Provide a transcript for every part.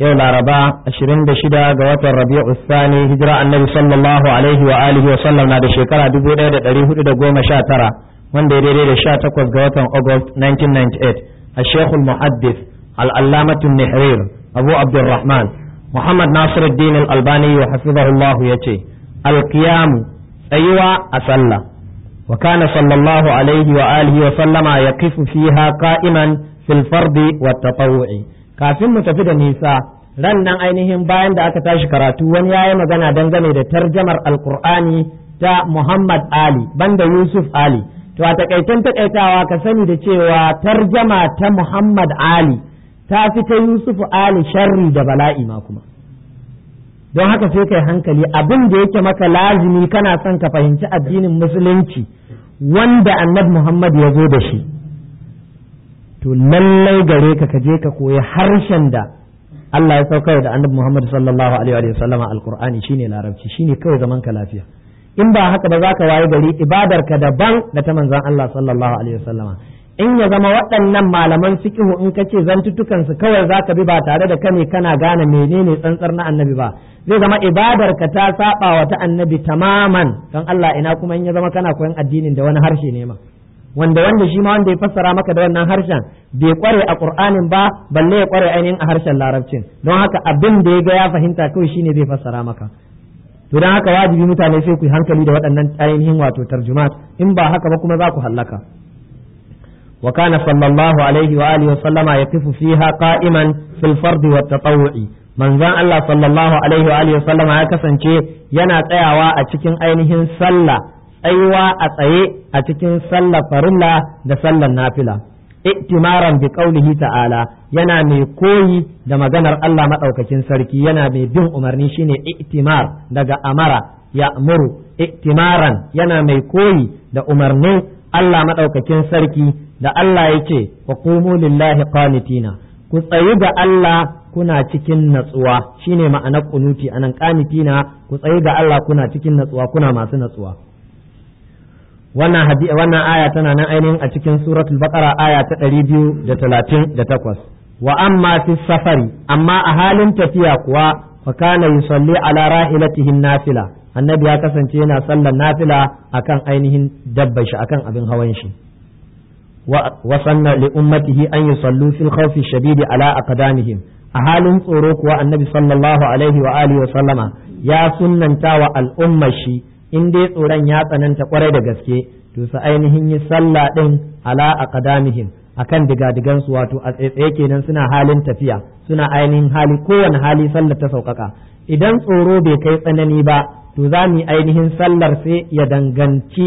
yau laraba 26 ga watan rabi'u sani hijira annabi sallallahu alaihi wa alihi wa sallam na da shekara 1419 wanda ya daidai da 18 ga watan august 1998 a shekul muhaddis al'allamatun nihrir abu abdulrahman muhammad nasiruddin albani wa hafizahullahu ya ce alkiyamu tsayuwa a sallah wa kana sallallahu alaihi wa alihi wa sallama ya kifu fiha ka'iman fil fardi wa tatawu'i kafin mu tafi da nisa ran nan ainihin bayan da aka tashi karatu wani yayi magana dangane da tarjamar alkur'ani ta Muhammad Ali banda Yusuf Ali to a takaitan takaitawa ka sani da cewa tarjama ta Muhammad Ali ta fi ta Yusuf Ali sharri da bala'i ma kuma don haka sai kai hankali abin da yake maka lazimi kana son ka fahimci addinin musulunci wanda annabi Muhammad ya zo da shi to lallai gare ka ka je ka koyi harshen da Allah ya saukar da annabi Muhammad sallallahu alaihi wa sallama alqur'ani shine larabci shine kawai zaman ka lafiya in ba haka ba za ka waye gari ibadar ka daban da ta manzon Allah sallallahu alaihi wa sallama in ya zama waɗannan malaman fiqhu in ka ce zantutukan su kawai za ka bi ba tare da kane kana gane menene tsantsar na annabi ba zai zama ibadar ka ta saba wa ta annabi tamaman don Allah ina kuma in ya zama kana koyan addinin da wani harshe ne ma wanda wanda shi ma wanda ya fassara maka da wannan harshen bai kware a qur'anin ba balle ya kware ainihin a harshen larabcin don haka abin da ya ga ya fahimta kawai shine zai fassara maka to don haka wajibi mutane sai ku yi hankali da waɗannan ainihin wato tarjuma in ba haka ba kuma za ku hallaka wa kana sallallahu alaihi wa alihi wa sallama yaqifu fiha qa'iman fil fard wa tatawwu'i manzon Allah sallallahu alaihi wa alihi wa sallama ya kasance yana tsayawa a cikin ainihin sallah tsayuwa a tsaye a cikin sallar farilla da sallar nafila ittimaran bi qaulihi ta'ala yana mai koyi da maganar Allah madaukakin sarki yana mai bin umarni shine ittimar daga amara ya ya'muru ittimaran yana mai koyi da umarni Allah madaukakin sarki da Allah yake wa qumu lillahi qanitina ku tsayu ga Allah kuna cikin natsuwa shine ma'anar kunuti anan qanitina ku tsayu ga Allah kuna cikin natsuwa kuna masu natsuwa wannan wannan aya tana nan ainihin a cikin suratul baqara aya ta 238 wa amma fi safari amma a halin tafiya kuwa fa kana yusalli ala rahilatihi nafila annabi ya kasance yana sallar nafila akan ainihin dabbar shi akan abin hawan shi wa sanna li ummatihi an yusallu fil khawfi shadidi ala aqdanihim a halin tsoro kuwa annabi sallallahu alaihi wa alihi wa sallama ya sunnanta wa al'ummar shi in dai tsoron ya tsananta kwarai da gaske to su ainihin yi sallah din ala a kadamihin a kan digadigansu wato a tsaitsaye kenan suna halin tafiya suna ainihin hali kowane hali sallar ta sauƙaƙa idan tsoro bai kai tsanani ba to za mu yi ainihin sallar sai ya danganci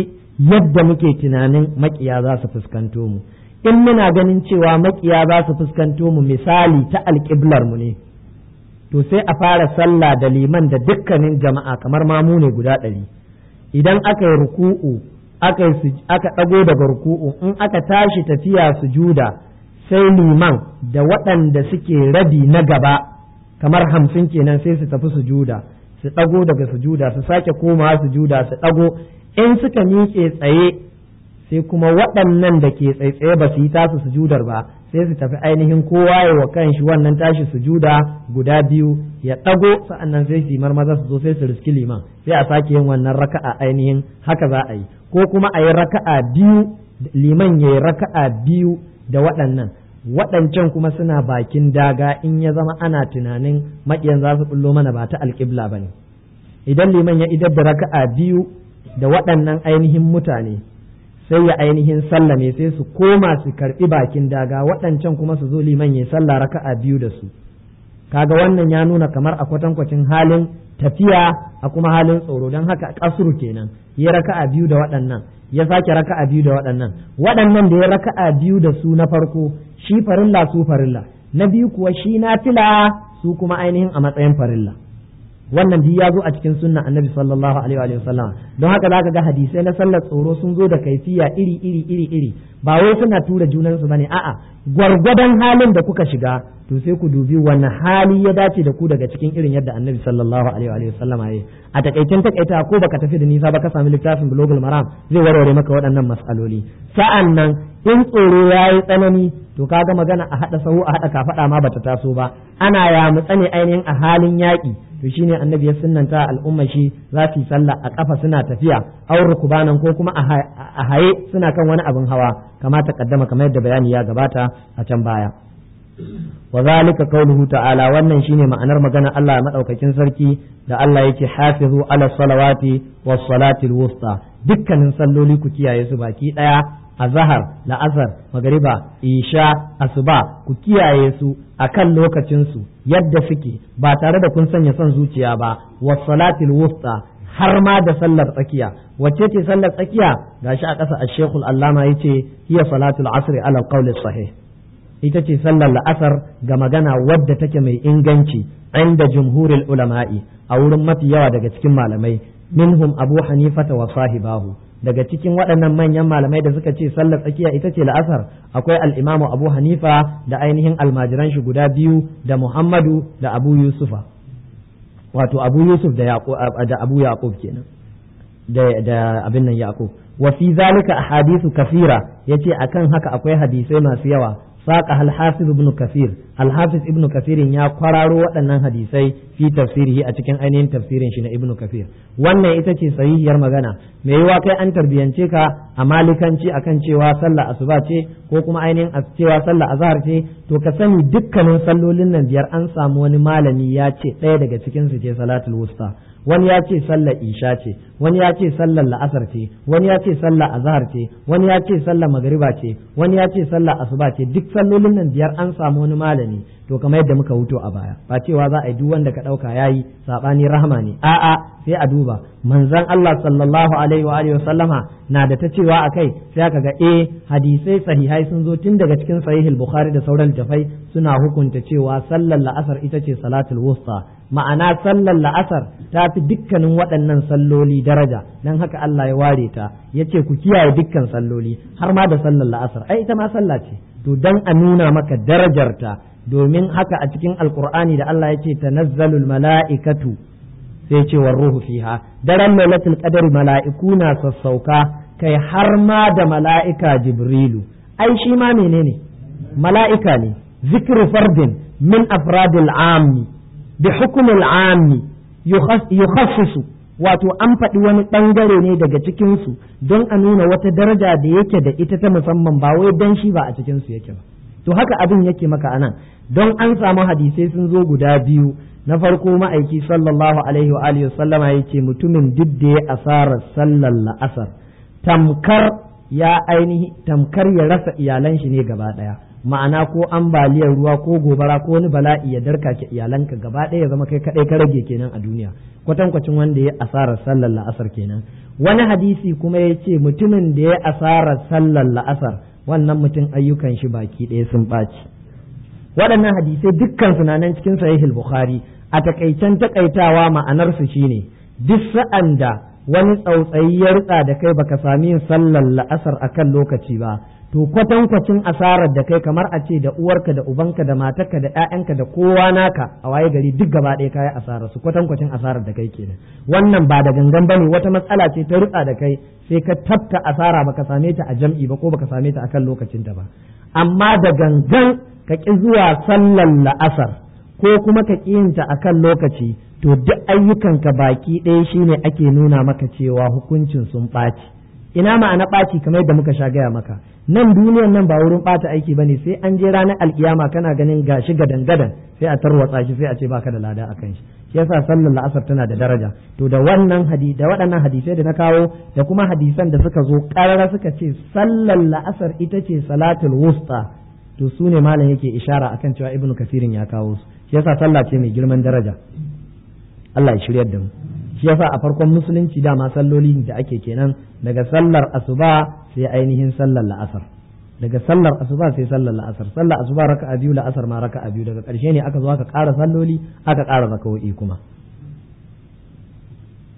yadda muke tunanin makiya za su fuskanto mu in muna ganin cewa makiya za su fuskanto mu misali ta alƙiblar mu ne to sai a fara sallah da liman da dukkanin jama'a kamar mamu ne guda ɗari idan aka yi ruku'u aka ɗago daga ruku'u in aka tashi tafiya sujuda sai liman da waɗanda suke rabi na gaba kamar hamsin kenan sai su tafi sujuda su ɗago daga sujuda su sake komawa sujuda su ɗago in suka miƙe tsaye sai kuma waɗannan da ke tsaye-tsaye ba su yi tasu sujudar ba sai su tafi ainihin kowa ya wa kanshi wannan tashi su juda guda biyu ya ɗago sa'annan sai su marmaza su zo sai su riski liman sai a sake yin wannan raka'a ainihin haka za a yi ko kuma a yi raka'a biyu liman ya yi raka'a biyu da waɗannan waɗancan kuma suna bakin daga in ya zama ana tunanin maƙiyan za su ɓullo mana ba ta alƙibla ba ne idan liman ya idar da raka'a biyu da waɗannan ainihin mutane sai ya ainihin sallah ne sai su koma su karɓi bakin daga waɗancan kuma su zo liman ya sallah raka'a biyu da su kaga wannan ya nuna kamar a kwatankwacin halin tafiya a kuma halin tsoro don haka kasuru kenan ya raka'a biyu da waɗannan ya sake raka'a biyu da waɗannan waɗannan da ya raka'a biyu da su na farko shi farilla su farilla na biyu kuwa shi na fila su kuma ainihin a matsayin farilla wannan duk ya zo a cikin sunna annabi sallallahu alaihi wa sallam don haka zaka ga hadisai na sallar tsoro sun zo da kaifiya iri iri iri iri ba wai suna tura junansu bane a'a gwargwadon halin da kuka shiga to sai ku dubi wani hali ya dace da ku daga cikin irin yadda annabi sallallahu alaihi wa sallama yayi a takaicen takaita ko baka tafi da nisa ba ka sami littafin bulogul maram zai warware maka waɗannan mas'aloli sa'an nan in tsoro yayi tsanani to kaga magana a hada sahu a hada kafada ma bata taso ba ana ya mutsane ainihin a halin yaki to shine annabi ya sunnanta al'umma shi za su yi sallah a kafa suna tafiya aur rukubanan ko kuma a haye suna kan wani abin hawa kama ta kaddama kamar yadda bayani ya gabata a can baya wa zalika ta'ala wannan shine ma'anar magana Allah madaukakin sarki da Allah yake hafizu ala salawati was salati wusta dukkanin salloli ku kiyaye su baki daya azhar la'asar magariba isha asuba ku kiyaye su akan lokacin su yadda suke ba tare da kun sanya son zuciya ba was salati wusta har ma da sallar tsakiya wacce ce sallar tsakiya gashi a ƙasa a sheikh allama allama ce hiya salatul asri ala al sahih ita ce sallar la'asar ga magana wadda take mai inganci inda jumhurul ulama'i a wurin mafi yawa daga cikin malamai minhum abu hanifata wa sahibahu daga cikin waɗannan manyan malamai da suka ce sallar tsakiya ita ce la'asar akwai al-imamu abu hanifa da ainihin almajiran shi guda biyu da muhammadu da abu yusufa wato abu yusuf da da abu yaqub kenan da da abin nan yaqub wa fi zalika ahadithu kafira yace akan haka akwai hadisai masu yawa saka al-hafiz ibn kafir al-hafiz ibn kafir ya kwararo waɗannan hadisai fi tafsirihi a cikin ainihin tafsirin shi na ibn kafir wannan ita ce sahihiyar magana me yiwa kai an tarbiyance ka a malikanci akan cewa sallah asuba ce ko kuma ainihin cewa sallah azhar ce to ka sani dukkanin sallolin nan biyar an samu wani malami ya ce ɗaya daga cikin su ce salatul wusta wani ya ce sallar isha ce wani ya ce sallar la'asar ce wani ya ce sallar azhar ce wani ya ce sallar magariba ce wani ya ce sallar asuba ce duk sallolin nan biyar an samu wani malami to kamar yadda muka wuto a baya ba cewa za a yi duk wanda ka ɗauka yayi saɓani rahama ne a'a sai a duba manzon Allah sallallahu alaihi wa alihi sallama na da ta cewa akai sai aka ga eh hadisai sahihai sun zo tun daga cikin sahihul bukhari da sauran tafai suna hukunta cewa sallar la'asar ita ce salatul wusta ma'ana sallar la'asar ta fi dukkanin waɗannan salloli daraja dan haka Allah ya ware ta yace ku kiyaye dukkan salloli har ma da sallar la'asar ai ita ma sallah ce to dan a nuna maka darajarta domin haka a cikin alkur'ani da Allah ya ce tanazzalul mala'ikatu sai ce ruhu fiha daren lailatul qadr mala'iku na sassauka kai har ma da mala'ika jibrilu ai shi ma menene mala'ika ne zikru fardin min afradil ammi bi hukmil ammi yukhassisu wato an faɗi wani ɓangare ne daga cikinsu don a nuna wata daraja da yake da ita ta musamman ba wai dan shi ba a cikinsu yake ba to haka abin yake maka anan don an samu hadisai sun zo guda biyu na farko ma'aiki sallallahu alaihi wa alihi sallama ya ce mutumin duk da ya asarar sallar la'asar tamkar ya ainihi tamkar ya rasa iyalan shi ne gaba daya ma'ana ko ambaliyar ruwa ko gobara ko wani bala'i ya darka ke iyalanka gaba daya zama kai kadai ka rage kenan a duniya kwatankwacin wanda ya asarar sallar la'asar kenan wani hadisi kuma ya ce mutumin da ya asarar sallar la'asar wannan mutum ayyukan shi baki ɗaya sun ɓaci waɗannan hadisai dukkan su cikin sahihul bukhari a takaicen takaitawa ma'anarsu shine duk sa'an da wani tsautsayi ya rutsa da kai baka sami yin sallar la'asar akan lokaci ba to kwatankwacin asarar da kai kamar a ce da uwarka da ubanka da matarka da ƴaƴanka da kowa naka a waye gari duk gaba ɗaya kayi asarar su kwatankwacin asarar da kai kenan wannan ba da gangan bane wata matsala ce ta rutsa da kai sai ka tafta asara baka same ta a jam'i ba ko baka same ta akan lokacin da ba amma da gangan ka ki zuwa sallar la'asar ko kuma ka ƙi yinta akan lokaci to duk ayyukanka baki ɗaya shine ake nuna maka cewa hukuncin sun ɓaci ina ma'ana ɓaci kamar yadda muka sha gaya maka nan duniyan nan ba wurin bata aiki ba ne sai an je ranar alkiyama kana ganin gashi gadan gadan sai a tarwatsa shi sai a ce baka da lada akan shi shi yasa sallar la'asar tana da daraja to da wannan hadisi da waɗannan hadisai da na kawo da kuma hadisan da suka zo karara suka ce sallar la'asar ita ce salatul wusta to su ne malam yake ishara akan cewa ibnu kasirin ya kawo su shi yasa sallah ce mai girman daraja Allah ya shiryar da mu shi yasa a farkon musulunci dama sallolin da ake kenan daga sallar asuba sai ainihin sallar la'asar daga sallar asuba sai sallar la'asar sallar asuba raka'a biyu la'asar ma raka'a biyu daga ƙarshe ne aka zo aka ƙara salloli aka ƙara zakawo'i kuma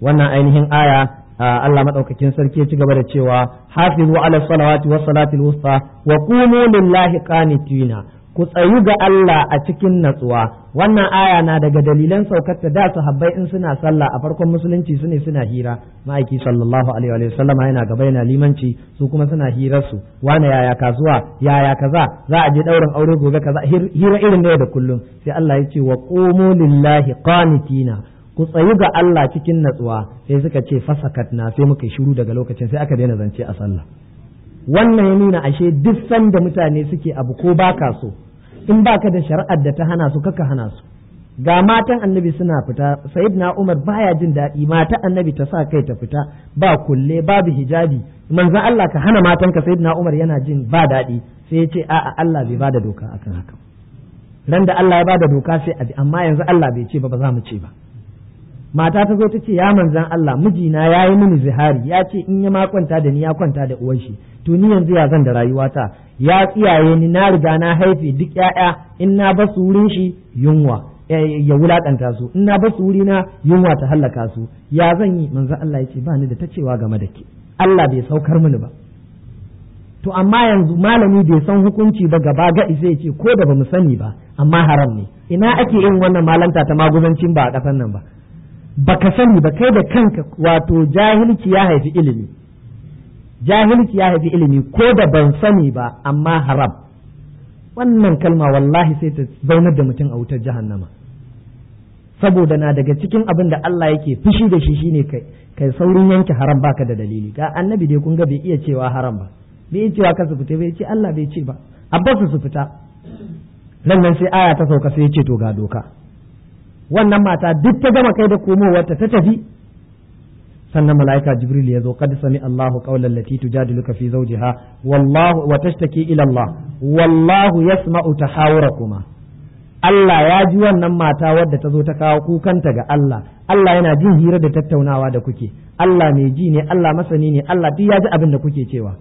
wannan ainihin aya Allah madaukakin sarki ya ci gaba da cewa hafizu ala salawati was salatil wusta wa qumu lillahi qanitina ku tsayu ga Allah a cikin natsuwa wannan aya na daga dalilan saukarta da su habbai in suna sallah a farkon musulunci su ne suna hira ma'aiki sallallahu alaihi wa sallam yana gaba yana limanci su kuma suna hirar su wani yaya kasuwa yaya kaza za a je daurin aure gobe kaza hira irin ne da kullum sai Allah ya ce wa qumu lillahi qanitina ku tsayu ga Allah cikin natsuwa sai suka ce fasakatna sai muka shiru daga lokacin sai aka daina zance a sallah wannan ya nuna ashe duk sanda mutane suke abu ko baka so in baka da shari'ar da ta hana su kaka hana su ga matan annabi suna fita na umar baya jin daɗi mata annabi ta sa kai ta fita ba kulle babu hijabi manzan Allah ka hana matanka na umar yana jin ba daɗi sai ya ce a'a Allah bai bada doka akan haka ran da Allah ya bada doka sai a amma yanzu Allah bai ce ba ba za mu ce ba mata ta zo ta ce ya manzan Allah mijina ya yi mini zihari ya ce in ya ma da ni ya kwanta da uwar shi to ni yanzu ya zan da rayuwata ya tsiyaye ni na riga na haife duk 'ya'ya in na ba su wurin shi yunwa ya wulakanta su in na ba su na yunwa ta hallaka su ya zan yi manzan Allah ya ce ba ni da ta cewa game da ke Allah bai saukar mini ba to amma yanzu malami bai san hukunci ba gaba ga zai ce ko da bamu sani ba amma haram ne ina ake yin wannan malanta ta maguzancin ba a kasan nan ba baka sani ba kai da kanka wato jahilci ya haifi ilimi jahilci ya haifi ilimi ko da ban sani ba amma haram wannan kalma wallahi sai ta zaunar da mutum a wutar jahannama saboda na daga cikin abin da Allah yake fushi da shi shine kai kai saurin yanke haram baka da dalili ga annabi dai kun ga bai iya cewa haram ba bai iya cewa ka fita bai ce Allah bai ce ba abbas su fita nan nan sai aya ta sauka sai ya ce to ga doka wannan mata duk ta gama kai da komowarta ta tafi sannan mala'ika jibril ya zo qad sami Allahu qawlan lati tujadiluka fi zawjiha wallahu wa tashtaki ila Allah wallahu yasma'u tahawurakuma Allah ya ji wannan mata wadda ta zo ta kawo kukanta ga Allah Allah yana jin hira da tattaunawa da kuke Allah mai ji ne Allah masani ne Allah duk ya ji abin da kuke cewa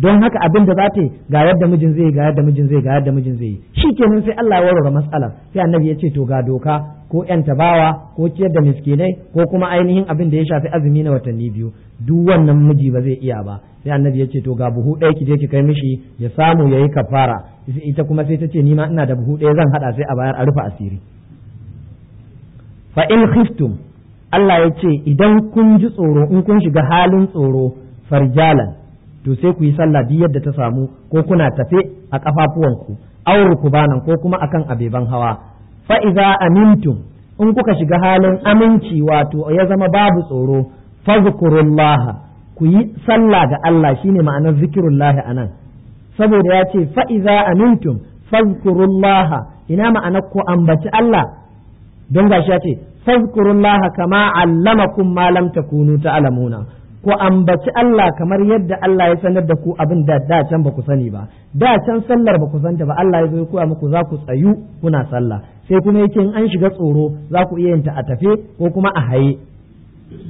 don haka abin da za ta yi ga yadda mijin zai ga yadda mijin zai ga yadda mijin zai yi shi ke sai Allah ya warware matsalar sai annabi ya ce to ga doka ko yan tabawa ko ciyar da miskinai ko kuma ainihin abin da ya shafi azumi na watanni biyu duk wannan miji ba zai iya ba sai annabi ya ce to ga buhu ɗaya ki je ki kai mishi ya samu ya yi kafara ita kuma sai ta ce ni ma ina da buhu ɗaya zan haɗa sai a bayar a rufe asiri fa in khiftum Allah ya ce idan kun ji tsoro in kun shiga halin tsoro farjalan to sai ku yi sallah duk yadda ta samu ko kuna tafe a kafafuwanku aw rukubanan ko kuma akan abeban hawa fa idza amintum in kuka shiga halin aminci wato ya zama babu tsoro fazkurullah ku yi sallah ga Allah shine ma'anar zikrullah anan saboda ya ce fa idza amintum ina ma'anar ku ambaci Allah don gashi ya ce fazkurullah kama allamakum ma lam takunu ta'lamuna ku ambaci Allah kamar yadda Allah ya sanar da ku abin da da can ba ku sani ba da can sallar ba ku santa ba Allah ya zo ku muku za ku tsayu kuna sallah sai kuma yake in an shiga tsoro za ku iya ta a tafe ko kuma a haye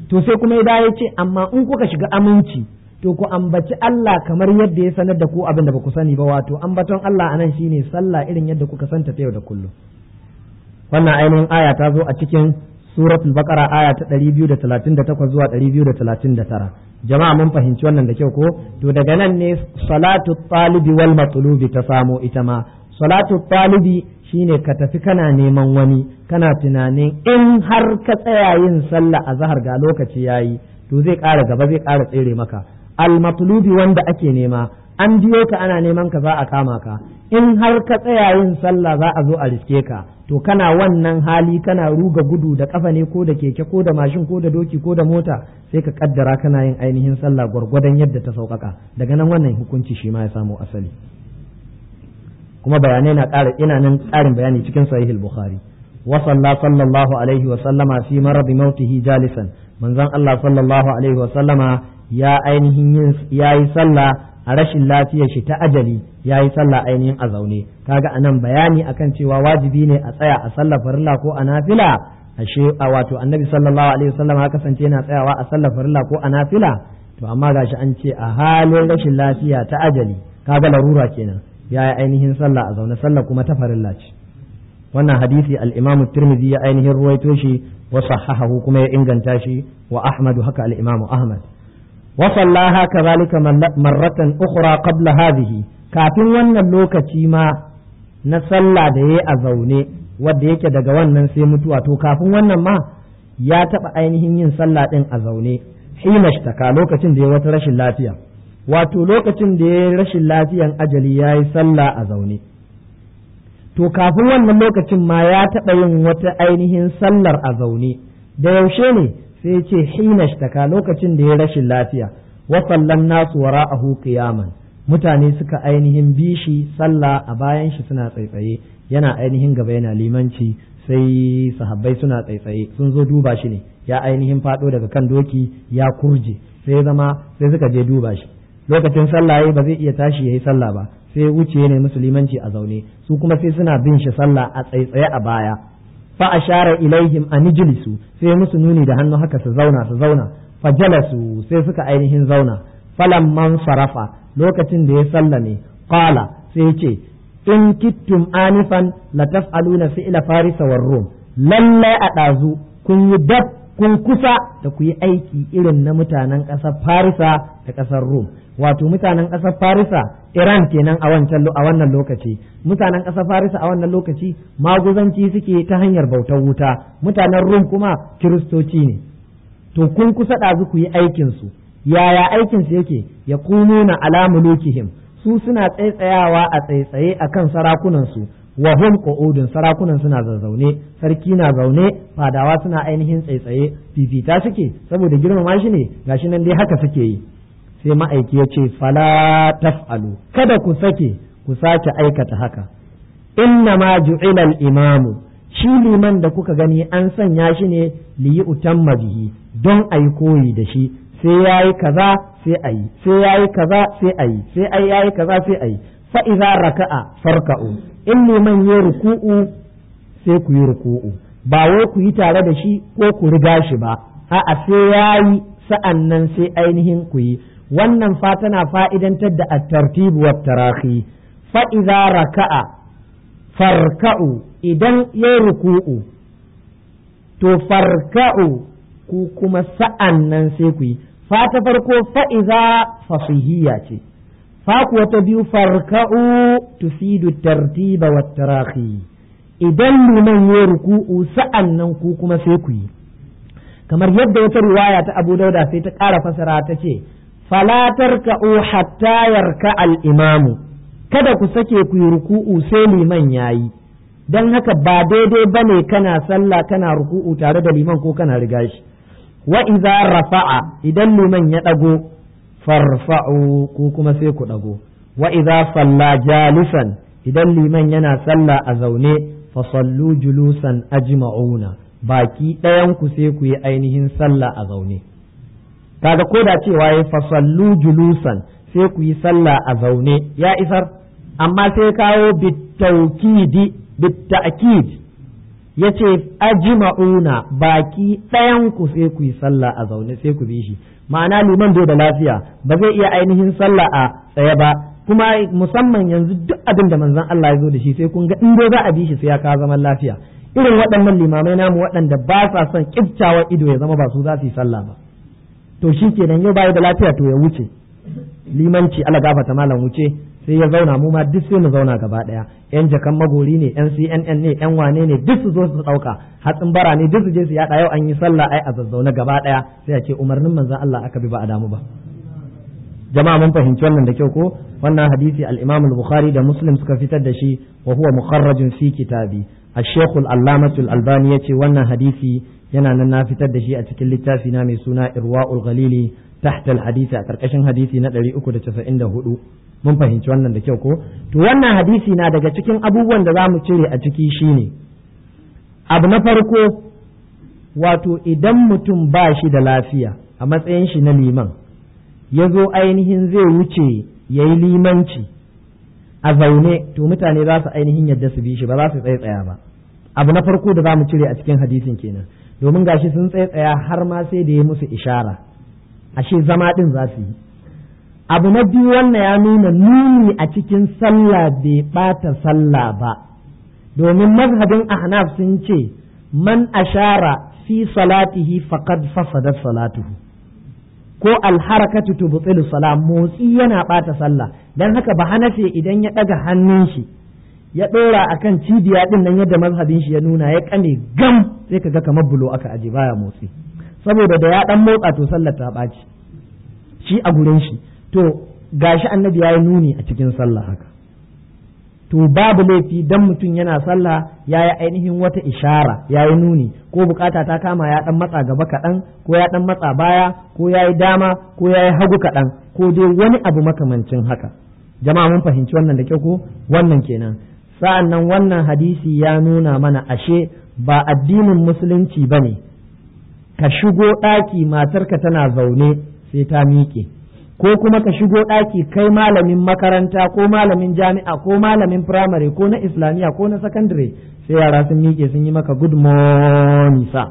to sai kuma ya ya ce amma in kuka shiga aminci to ku ambaci Allah kamar yadda ya sanar da ku abin da ba ku sani ba wato ambaton Allah anan shine sallah irin yadda kuka santa ta yau da kullum wannan ainihin aya ta zo a cikin suratul baqara aya ta ɗari 238 zuwa 239 jama'a mun fahimci wannan da kyau ko to daga nan ne salatu talibi wal matlubi ta samo ita ma salatu talibi shine ka tafi kana neman wani kana tunanin in har ka tsaya yin sallah a zahar ga lokaci yayi to zai ƙara gaba zai ƙara tsere maka al matlubi wanda ake nema an biyo ka ana neman ka za a kama ka in har ka tsaya yin sallah za a zo a riske ka to kana wannan hali kana ruga gudu da kafa ne ko da keke ko da mashin ko da doki ko da mota sai ka kaddara kana yin ainihin sallah gwargwadon yadda ta sauƙaƙa daga nan wannan hukunci shi ma ya samo asali kuma bayanai na ƙara ina nan ƙarin bayani cikin sahih al-bukhari wa sallallahu alaihi wa sallama fi marad mautihi jalisan manzon Allah sallallahu alaihi wa sallama ya ainihin yayi sallah a rashin lafiyar shi ta ajali ya yi sallah ainihin a zaune kaga anan bayani akan cewa wajibi ne a tsaya a sallar farilla ko a nafila ashe a wato annabi sallallahu alaihi wasallam ya kasance yana tsayawa a sallar farilla ko a nafila to amma gashi an ce a halin rashin lafiya ta ajali kaga larura kenan ya yi ainihin sallah a zaune sallah kuma ta farilla ce wannan hadisi al-imamu tirmidhi ya ainihin ruwaito shi wa sahahahu kuma ya inganta shi wa ahmadu haka al-imamu ahmad wa sallaha kadhalika marratan ukhra qabla hadhihi kafin wannan lokaci ma na sallah da yayi a zaune wanda yake daga wannan sai mutuwa to kafin wannan ma ya taba ainihin yin sallah din a zaune hina shtaka lokacin da ya wata rashin lafiya wato lokacin da ya rashin lafiyan ajali ya yi sallah a zaune to kafin wannan lokacin ma ya taɓa yin wata ainihin sallar a zaune da yaushe ne sai ya ce hina shtaka lokacin da ya rashin lafiya wa sallan nasu wara'ahu qiyaman mutane suka ainihin bishi sallah a bayan shi suna tsaitsaye yana ainihin gaba yana limanci sai sahabbai suna tsaitsaye sun zo duba shi ne ya ainihin fado daga kan doki ya kurje sai zama sai suka je duba shi lokacin sallah ba zai iya tashi yayi sallah ba sai wuce ne musulmanci a zaune su kuma sai suna bin shi sallah a tsaitsaye a baya fa ashara ilaihim an ijlisu sai musu nuni da hannu haka su zauna su zauna fa jalasu sai suka ainihin zauna falan man sarafa lokacin da ya sallame qala sai yace in kittum anifan la taf'aluna ila farisa war rum a dazu kun yi dab kun kusa da ku yi aiki irin na mutanen ƙasar farisa da ƙasar rum wato mutanen ƙasar Farisa Iran kenan a wancan a wannan lokaci mutanen ƙasar Farisa a wannan lokaci maguzanci suke ta hanyar bautar wuta mutanen Rum kuma kiristoci ne to kun kusa ɗazu ku yi aikin su yaya aikin su yake ya kununa ala mulukihim su suna tsaitsayawa a tsaitsaye akan sarakunan su wa hum qu'udun sarakunan suna zazzaune sarki na zaune fadawa suna ainihin tsaitsaye fifita suke saboda girmama shi ne gashi nan dai haka suke yi sai ma'aiki ya ce fala taf'alu kada ku sake ku sake aikata haka inna ma ju'ila al-imamu shi liman da kuka gani an sanya shi ne li utamma bihi don a koyi da shi sai yayi kaza sai a yi sai yayi kaza sai a yi sai ai yayi kaza sai ayi fa idza raka'a farka'u in liman ya ruku'u sai ku yi ruku'u ba wai ku yi tare da shi ko ku riga shi ba a'a sai yayi sa'annan sai ainihin ku yi wannan fa tana fa'idantar da at wa tarahi fa raka'a farka'u idan ya ruku'u to farka'u ku kuma sa'an nan sai ku yi fa ta farko fa'iza fasihiyya ce fa kuwa ta biyu farka'u tufidu tartiba wa tarahi idan luman ya ruku'u sa'an nan ku kuma sai ku yi kamar yadda wata riwaya ta Abu Dauda sai ta ƙara fasara ta ce fala tarka'u hatta yarka al-imamu kada ku sake ku yi ruku'u sai liman yayi don haka ba daidai bane kana sallah kana ruku'u tare da liman ko kana riga shi wa idza rafa'a idan liman ya dago farfa'u ku kuma sai ku dago wa idza salla jalisan idan liman yana sallah a zaune fa sallu julusan ajma'una baki ɗayan ku sai ku yi ainihin sallah a zaune kaga ko da cewa ya fasallu julusan sai ku yi sallah a zaune ya isar amma sai kawo bitaukidi bittakid yace ce ajima'una baki ɗayan ku sai ku yi sallah a zaune sai ku bi shi ma'ana liman bai da lafiya ba zai iya ainihin sallah a tsaye ba kuma musamman yanzu duk abin da manzon Allah ya zo da shi sai kun ga in dai za a bi shi sai ya kawo zaman lafiya irin waɗannan limamai namu waɗanda ba sa son kiftawa ido ya zama ba su za su yi sallah ba to shi kenan yau baya da lafiya to ya wuce limanci ala gafata malam wuce sai ya zauna mu ma duk sai mu zauna gaba daya yan jakan magori ne yan CNN ne yan wane ne duk su zo su dauka hatsin bara ne duk su je su yada yau an yi sallah ai a zazzauna gaba daya sai a ce umarnin manzon Allah aka bi ba a damu ba jama'a mun fahimci wannan da kyau ko wannan hadisi al-Imam al-Bukhari da Muslim suka fitar da shi wa huwa mukharrajun fi kitabi al-Sheikh al-Allamah al-Albani yace wannan hadisi yana nan na fitar da shi a cikin littafi na mai suna irwa'ul ghalili tahta hadisi a karkashin hadisi na 394 mun fahimci wannan da kyau ko to wannan hadisi na daga cikin abubuwan da zamu cire a ciki shine abu na farko wato idan mutum ba shi da lafiya a matsayin shi na liman ya zo ainihin zai wuce ya yi limanci a zaune to mutane za su ainihin yadda su bi shi ba za su tsaya ba abu na farko da za mu cire a cikin hadisin kenan domin gashi sun tsaya har ma sai da ya musu ishara ashe zama din za su yi abu na biyu wannan ya nuna nuni a cikin sallah bai bata sallah ba domin mazhabin ahnaf sun ce man ashara fi salatihi faqad fasada salatuhu ko alharakatu tubtilu salam motsi yana bata sallah dan haka ba hanafi idan ya daga hannun shi ya ɗora a kan cibiya ɗin nan yadda mazhabin shi ya nuna ya kane gam sai ka ga kamar bulo aka aje baya motsi saboda da ya ɗan motsa to sallar ta ɓaci shi a gurin shi to gashi annabi ya yi nuni a cikin sallah haka to babu laifi dan mutum yana sallah ya yi ainihin wata ishara ya yi nuni ko bukata ta kama ya ɗan matsa gaba kaɗan ko ya ɗan matsa baya ko ya yi dama ko ya yi hagu kaɗan ko dai wani abu makamancin haka jama'a mun fahimci wannan da kyau ko wannan kenan sa'an nan wannan hadisi ya nuna mana ashe ba addinin musulunci ba ne ka shigo ɗaki matarka tana zaune sai ta miƙe ko kuma ka shigo ɗaki kai malamin makaranta ko malamin jami'a ko malamin firamare ko na islamiyya ko na sakandare sai yara sun miƙe sun yi maka good morning sa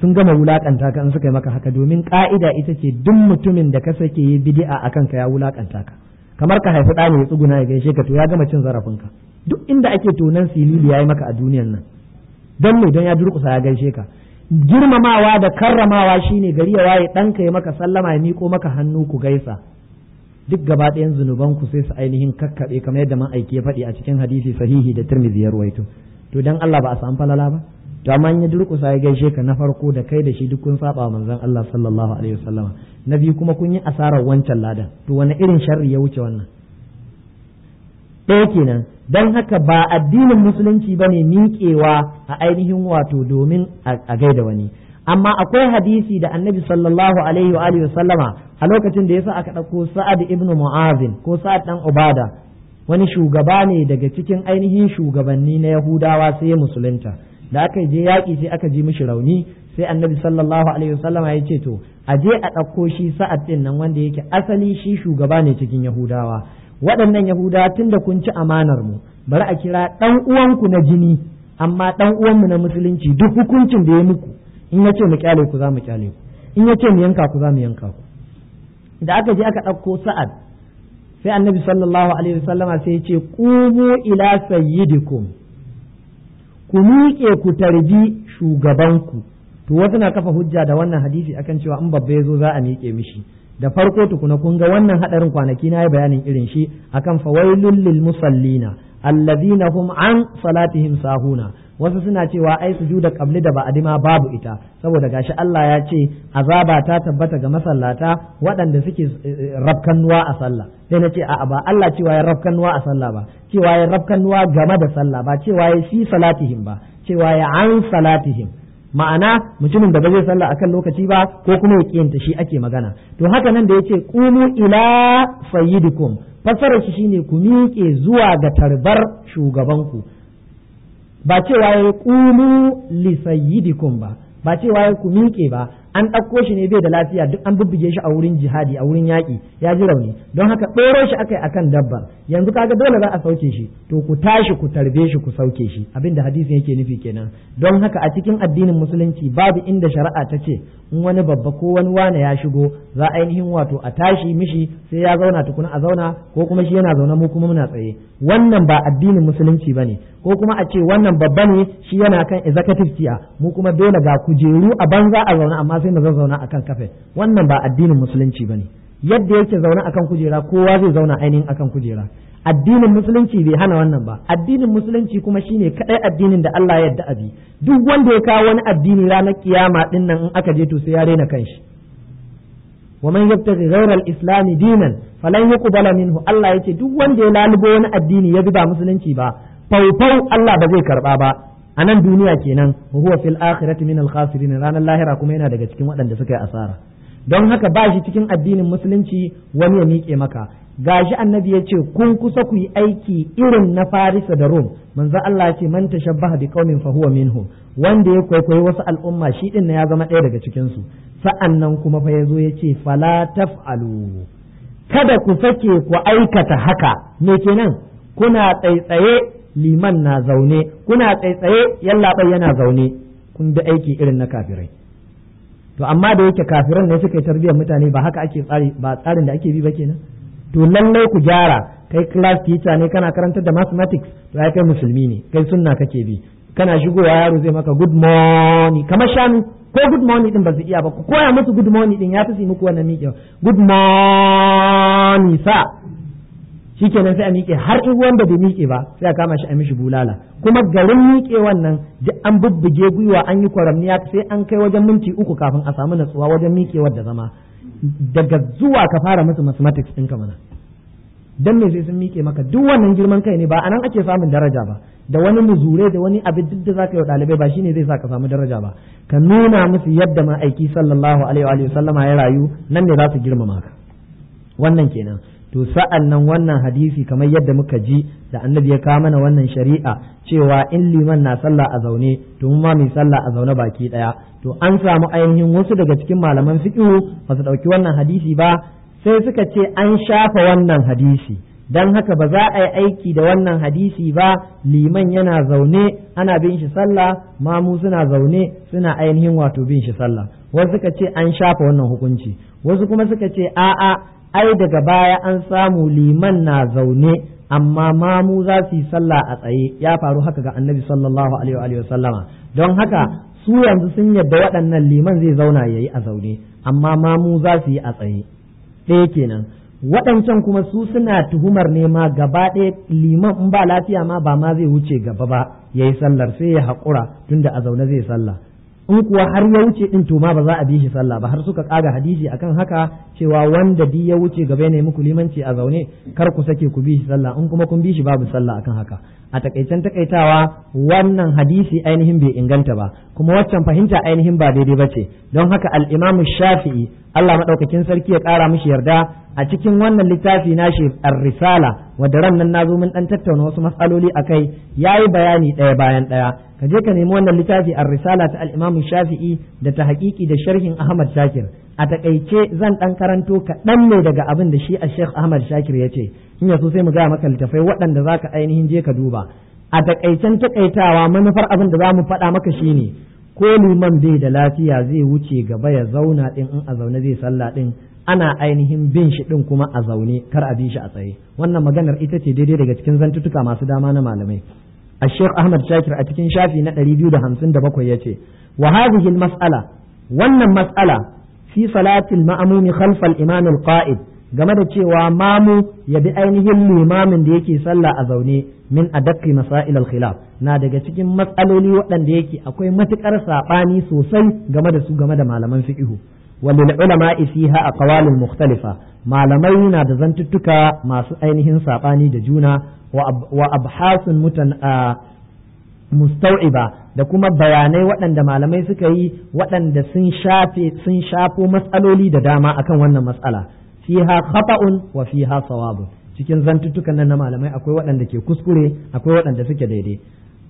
sun gama wulakanta ka in suka yi maka haka domin ka'ida ita ce duk mutumin da ka sake yi bidi'a akan ka ya wulakanta ka kamar ka haifi ɗani ya tsuguna ya gaishe ka to ya gama cin zarafinka duk inda ake tonan silili ya yi maka a duniyan nan don me don ya durƙusa ya gaishe ka girmamawa da karramawa shine gari ya waye ɗanka ya maka sallama ya miko maka hannu ku gaisa duk gaba ɗayan zunuban ku sai su ainihin kakkaɓe kamar yadda ma'aiki ya faɗi a cikin hadisi sahihi da tirmidhi ya ruwaito to don Allah ba a samu falala ba to amma in ya durkusa ya gaishe ka na farko da kai da shi duk kun saba manzon Allah sallallahu alaihi wasallama na biyu kuma kun yi asarar wancan ladan to wani irin sharri ya wuce wannan ɗaya kenan don haka ba addinin musulunci ba ne miƙewa a ainihin wato domin a gaida wani amma akwai hadisi da annabi sallallahu alaihi wa alihi sallama a lokacin da yasa aka ɗauko sa'ad ibnu mu'azin ko sa'ad dan ubada wani shugaba ne daga cikin ainihin shugabanni na yahudawa sai musulunta da aka je yaƙi sai aka ji mishi rauni sai annabi sallallahu alaihi wasallam ya ce to a je a ɗauko shi sa'ad ɗin nan wanda yake asali shi shugaba ne cikin yahudawa waɗannan yahudawa tun da kun ci amanar mu bari a kira ɗan uwanku na jini amma ɗan uwanmu na musulunci duk hukuncin da ya muku in ya ce mu kyale ku za mu kyale ku in ya ce mu yanka ku za mu yanka ku da aka je aka ɗauko sa'ad sai annabi sallallahu alaihi wasallama sai ya ce qumu ila sayyidikum ku miƙe ku tarbi shugabanku to wasu na kafa hujja da wannan hadisi akan cewa in babba ya zo za a miƙe mishi da farko tukuna kun ga wannan hadarin kwanaki na yi bayanin irin shi akan fawailul lil musallina allazina hum an salatihim sahuna wasu suna cewa ai sujuda qabli da ba'di ma babu ita saboda gashi Allah ya ce azaba ta tabbata ga masallata waɗanda suke eh, rafkannuwa a sallah sai na a'a ba Allah cewa ya nuwa a sallah ba cewa ya rafkannuwa game da sallah ba cewa ya fi salatihim ba cewa ya an salatihim ma'ana mutumin da ba zai sallah akan lokaci ba ko kuma ya kiyanta shi ake magana to haka nan da yace qumu ila sayyidikum fasarar shi shine ku miƙe zuwa ga tarbar shugabanku ba cewa ya yi li sayyidikum ba ba cewa ya ku miƙe ba an ɗauko shi ne bai da lafiya duk an bubbuge shi a wurin jihadi a wurin yaƙi ya ji rauni don haka ɗoro shi aka yi akan dabba yanzu kaga dole za a sauke shi to ku tashi ku tarbe shi ku sauke shi abin da hadisin yake nufi kenan don haka a cikin addinin musulunci babu inda shari'a ta ce in wani babba ko wani wane ya shigo za a ainihin wato a tashi mishi sai ya zauna tukuna a zauna ko kuma shi yana zaune mu kuma muna tsaye wannan ba addinin musulunci bane ko kuma a ce wannan babba ne shi yana kan executive chair mu kuma dole ga kujeru a banza a zauna amma sai zauna a kan kafe wannan ba addinin musulunci ba ne yadda yake zaune akan kujera kowa zai zauna ainihin akan kujera addinin musulunci bai hana wannan ba addinin musulunci kuma shine kadai addinin da Allah ya yarda abi duk wanda ya kawo wani addini ranar kiyama din nan in aka je to sai ya rena kanshi wa man yabtaghi ghayra al-islam dinan falan yuqbala minhu Allah yace duk wanda ya lalubo wani addini ya bi ba musulunci ba faufau Allah ba zai karba ba a nan duniya kenan huwa fil akhirati min al khasirin ranar lahira kuma yana daga cikin waɗanda suka yi asara don haka ba shi cikin addinin musulunci wani ya miƙe maka gashi annabi ya ce kun kusa ku yi aiki irin na farisa da rom manzo Allah ya ce man tashabbaha bi qaumin fa huwa minhum wanda ya kwaikwayi wasu al'umma shi din ya zama ɗaya daga cikin su sa'annan kuma fa yazo ya ce fala taf'alu kada ku sake ku aikata haka me kenan kuna tsaitsaye liman na zaune kuna tsaitsaye yallaɓai yana zaune kun da aiki irin na kafirai to amma da yake kafiran ne suka yi tarbiyyar mutane ba haka ake tsari ba tsarin da ake bi ba kenan to lallai ku gyara kai class teacher ne kana karantar da mathematics to ai kai musulmi ne kai sunna kake bi kana shigowa yaro zai maka good morning kamar shanu ko good morning din ba su iya ba ku koya musu good morning din ya fi muku wannan miƙewa good morning sa shi shikenan sai a miƙe har in wanda bai miƙe ba sai a kama shi a mishi bulala kuma garin miƙe wannan duk an bubbuge gwiwa an yi kwaramniya sai an kai wajen minti uku kafin a samu natsuwa wajen miƙewar da zama daga zuwa ka fara musu mathematics ɗinka mana dan me sai sun miƙe maka duk wannan girman kai ne ba anan ake samun daraja ba da wani muzure da wani abin duk da zaka yi wa ɗalibai ba shine zai sa ka samu daraja ba ka nuna musu yadda ma'aiki sallallahu alaihi wa sallama ya rayu nan ne za su girmama ka wannan kenan to sa'an nan wannan hadisi kamar yadda muka ji da annabi ya kawo mana wannan shari'a cewa in liman na sallah a zaune to mu ma mai sallah a zaune baki daya to an samu ainihin wasu daga cikin malaman fiqh ba su dauki wannan hadisi ba sai suka ce an shafa wannan hadisi dan haka ba za a yi aiki da wannan hadisi ba liman yana zaune ana bin shi sallah mamu suna zaune suna ainihin wato bin shi sallah wasu suka ce an shafa wannan hukunci wasu kuma suka ce a'a ai daga baya an samu liman na zaune amma mamu za su yi sallah a tsaye ya faru haka ga annabi sallallahu alaihi wa sallama don haka su yanzu sun yadda waɗannan liman zai zauna ya yi a zaune amma mamu za su yi a tsaye ɗaya kenan waɗancan kuma su suna tuhumar nema gaba ɗaya liman in ba lafiya ma ba ma zai wuce gaba ba ya yi sallar sai ya haƙura tunda a zaune zai sallah in kuwa har ya wuce din to ma ba za a bi shi sallah ba har suka kaga hadisi akan haka cewa wanda di ya wuce gaba ne muku limanci a zaune kar ku sake ku bi shi sallah in kuma kun bi shi babu sallah akan haka a takaicen takaitawa wannan hadisi ainihin bai inganta ba kuma waccan fahimta ainihin ba daidai ba ce don haka al'imamu shafi'i Allah maɗaukakin sarki ya ƙara mishi yarda a cikin wannan littafi nashi a risala wadda ran nan nazo mun dan tattauna wasu matsaloli a ya yayi bayani ɗaya bayan ɗaya ka je ka nemi wannan littafi a risala ta al’imamu shafi'i da ta haƙiƙi da sharhin Ahmad Shakir a takaice zan dan karanto kaɗan ne daga abin da shi a Sheikh Ahmad Shakir ya ce in ya sai mu gaya maka littafai waɗanda za ka ainihin je ka duba a takaicen takaitawa manufar abin da za mu faɗa maka shi ne. ko liman bai da lafiya zai wuce gaba ya zauna ɗin in a zaune zai sallah ɗin ana ainihin bin shi ɗin kuma a zaune kar a bi shi a tsaye wannan maganar ita ce daidai daga cikin zantutuka masu dama na malamai a Sheikh Ahmad Shakir a cikin shafi na 257 ya ce wa hadhihi al-mas'ala wannan mas'ala fi salatil ma'amumi khalfal imamil qa'id game da cewa mamu ya bi ainihin limamin da yake sallah a zaune min a masail al-khilaf na daga cikin matsaloli waɗanda yake akwai matukar sabani sosai game da su game da malaman fiqh walil a fiha aqwalun mukhtalifa malamai na da zantuttuka masu ainihin sabani da juna wa abhasun mutan mustau'iba da kuma bayanai waɗanda malamai suka yi waɗanda sun sun shafo matsaloli da dama akan wannan matsala fiha khata'un wa fiha sawabu cikin zantuttukan nan na malamai akwai waɗanda ke kuskure akwai waɗanda suke daidai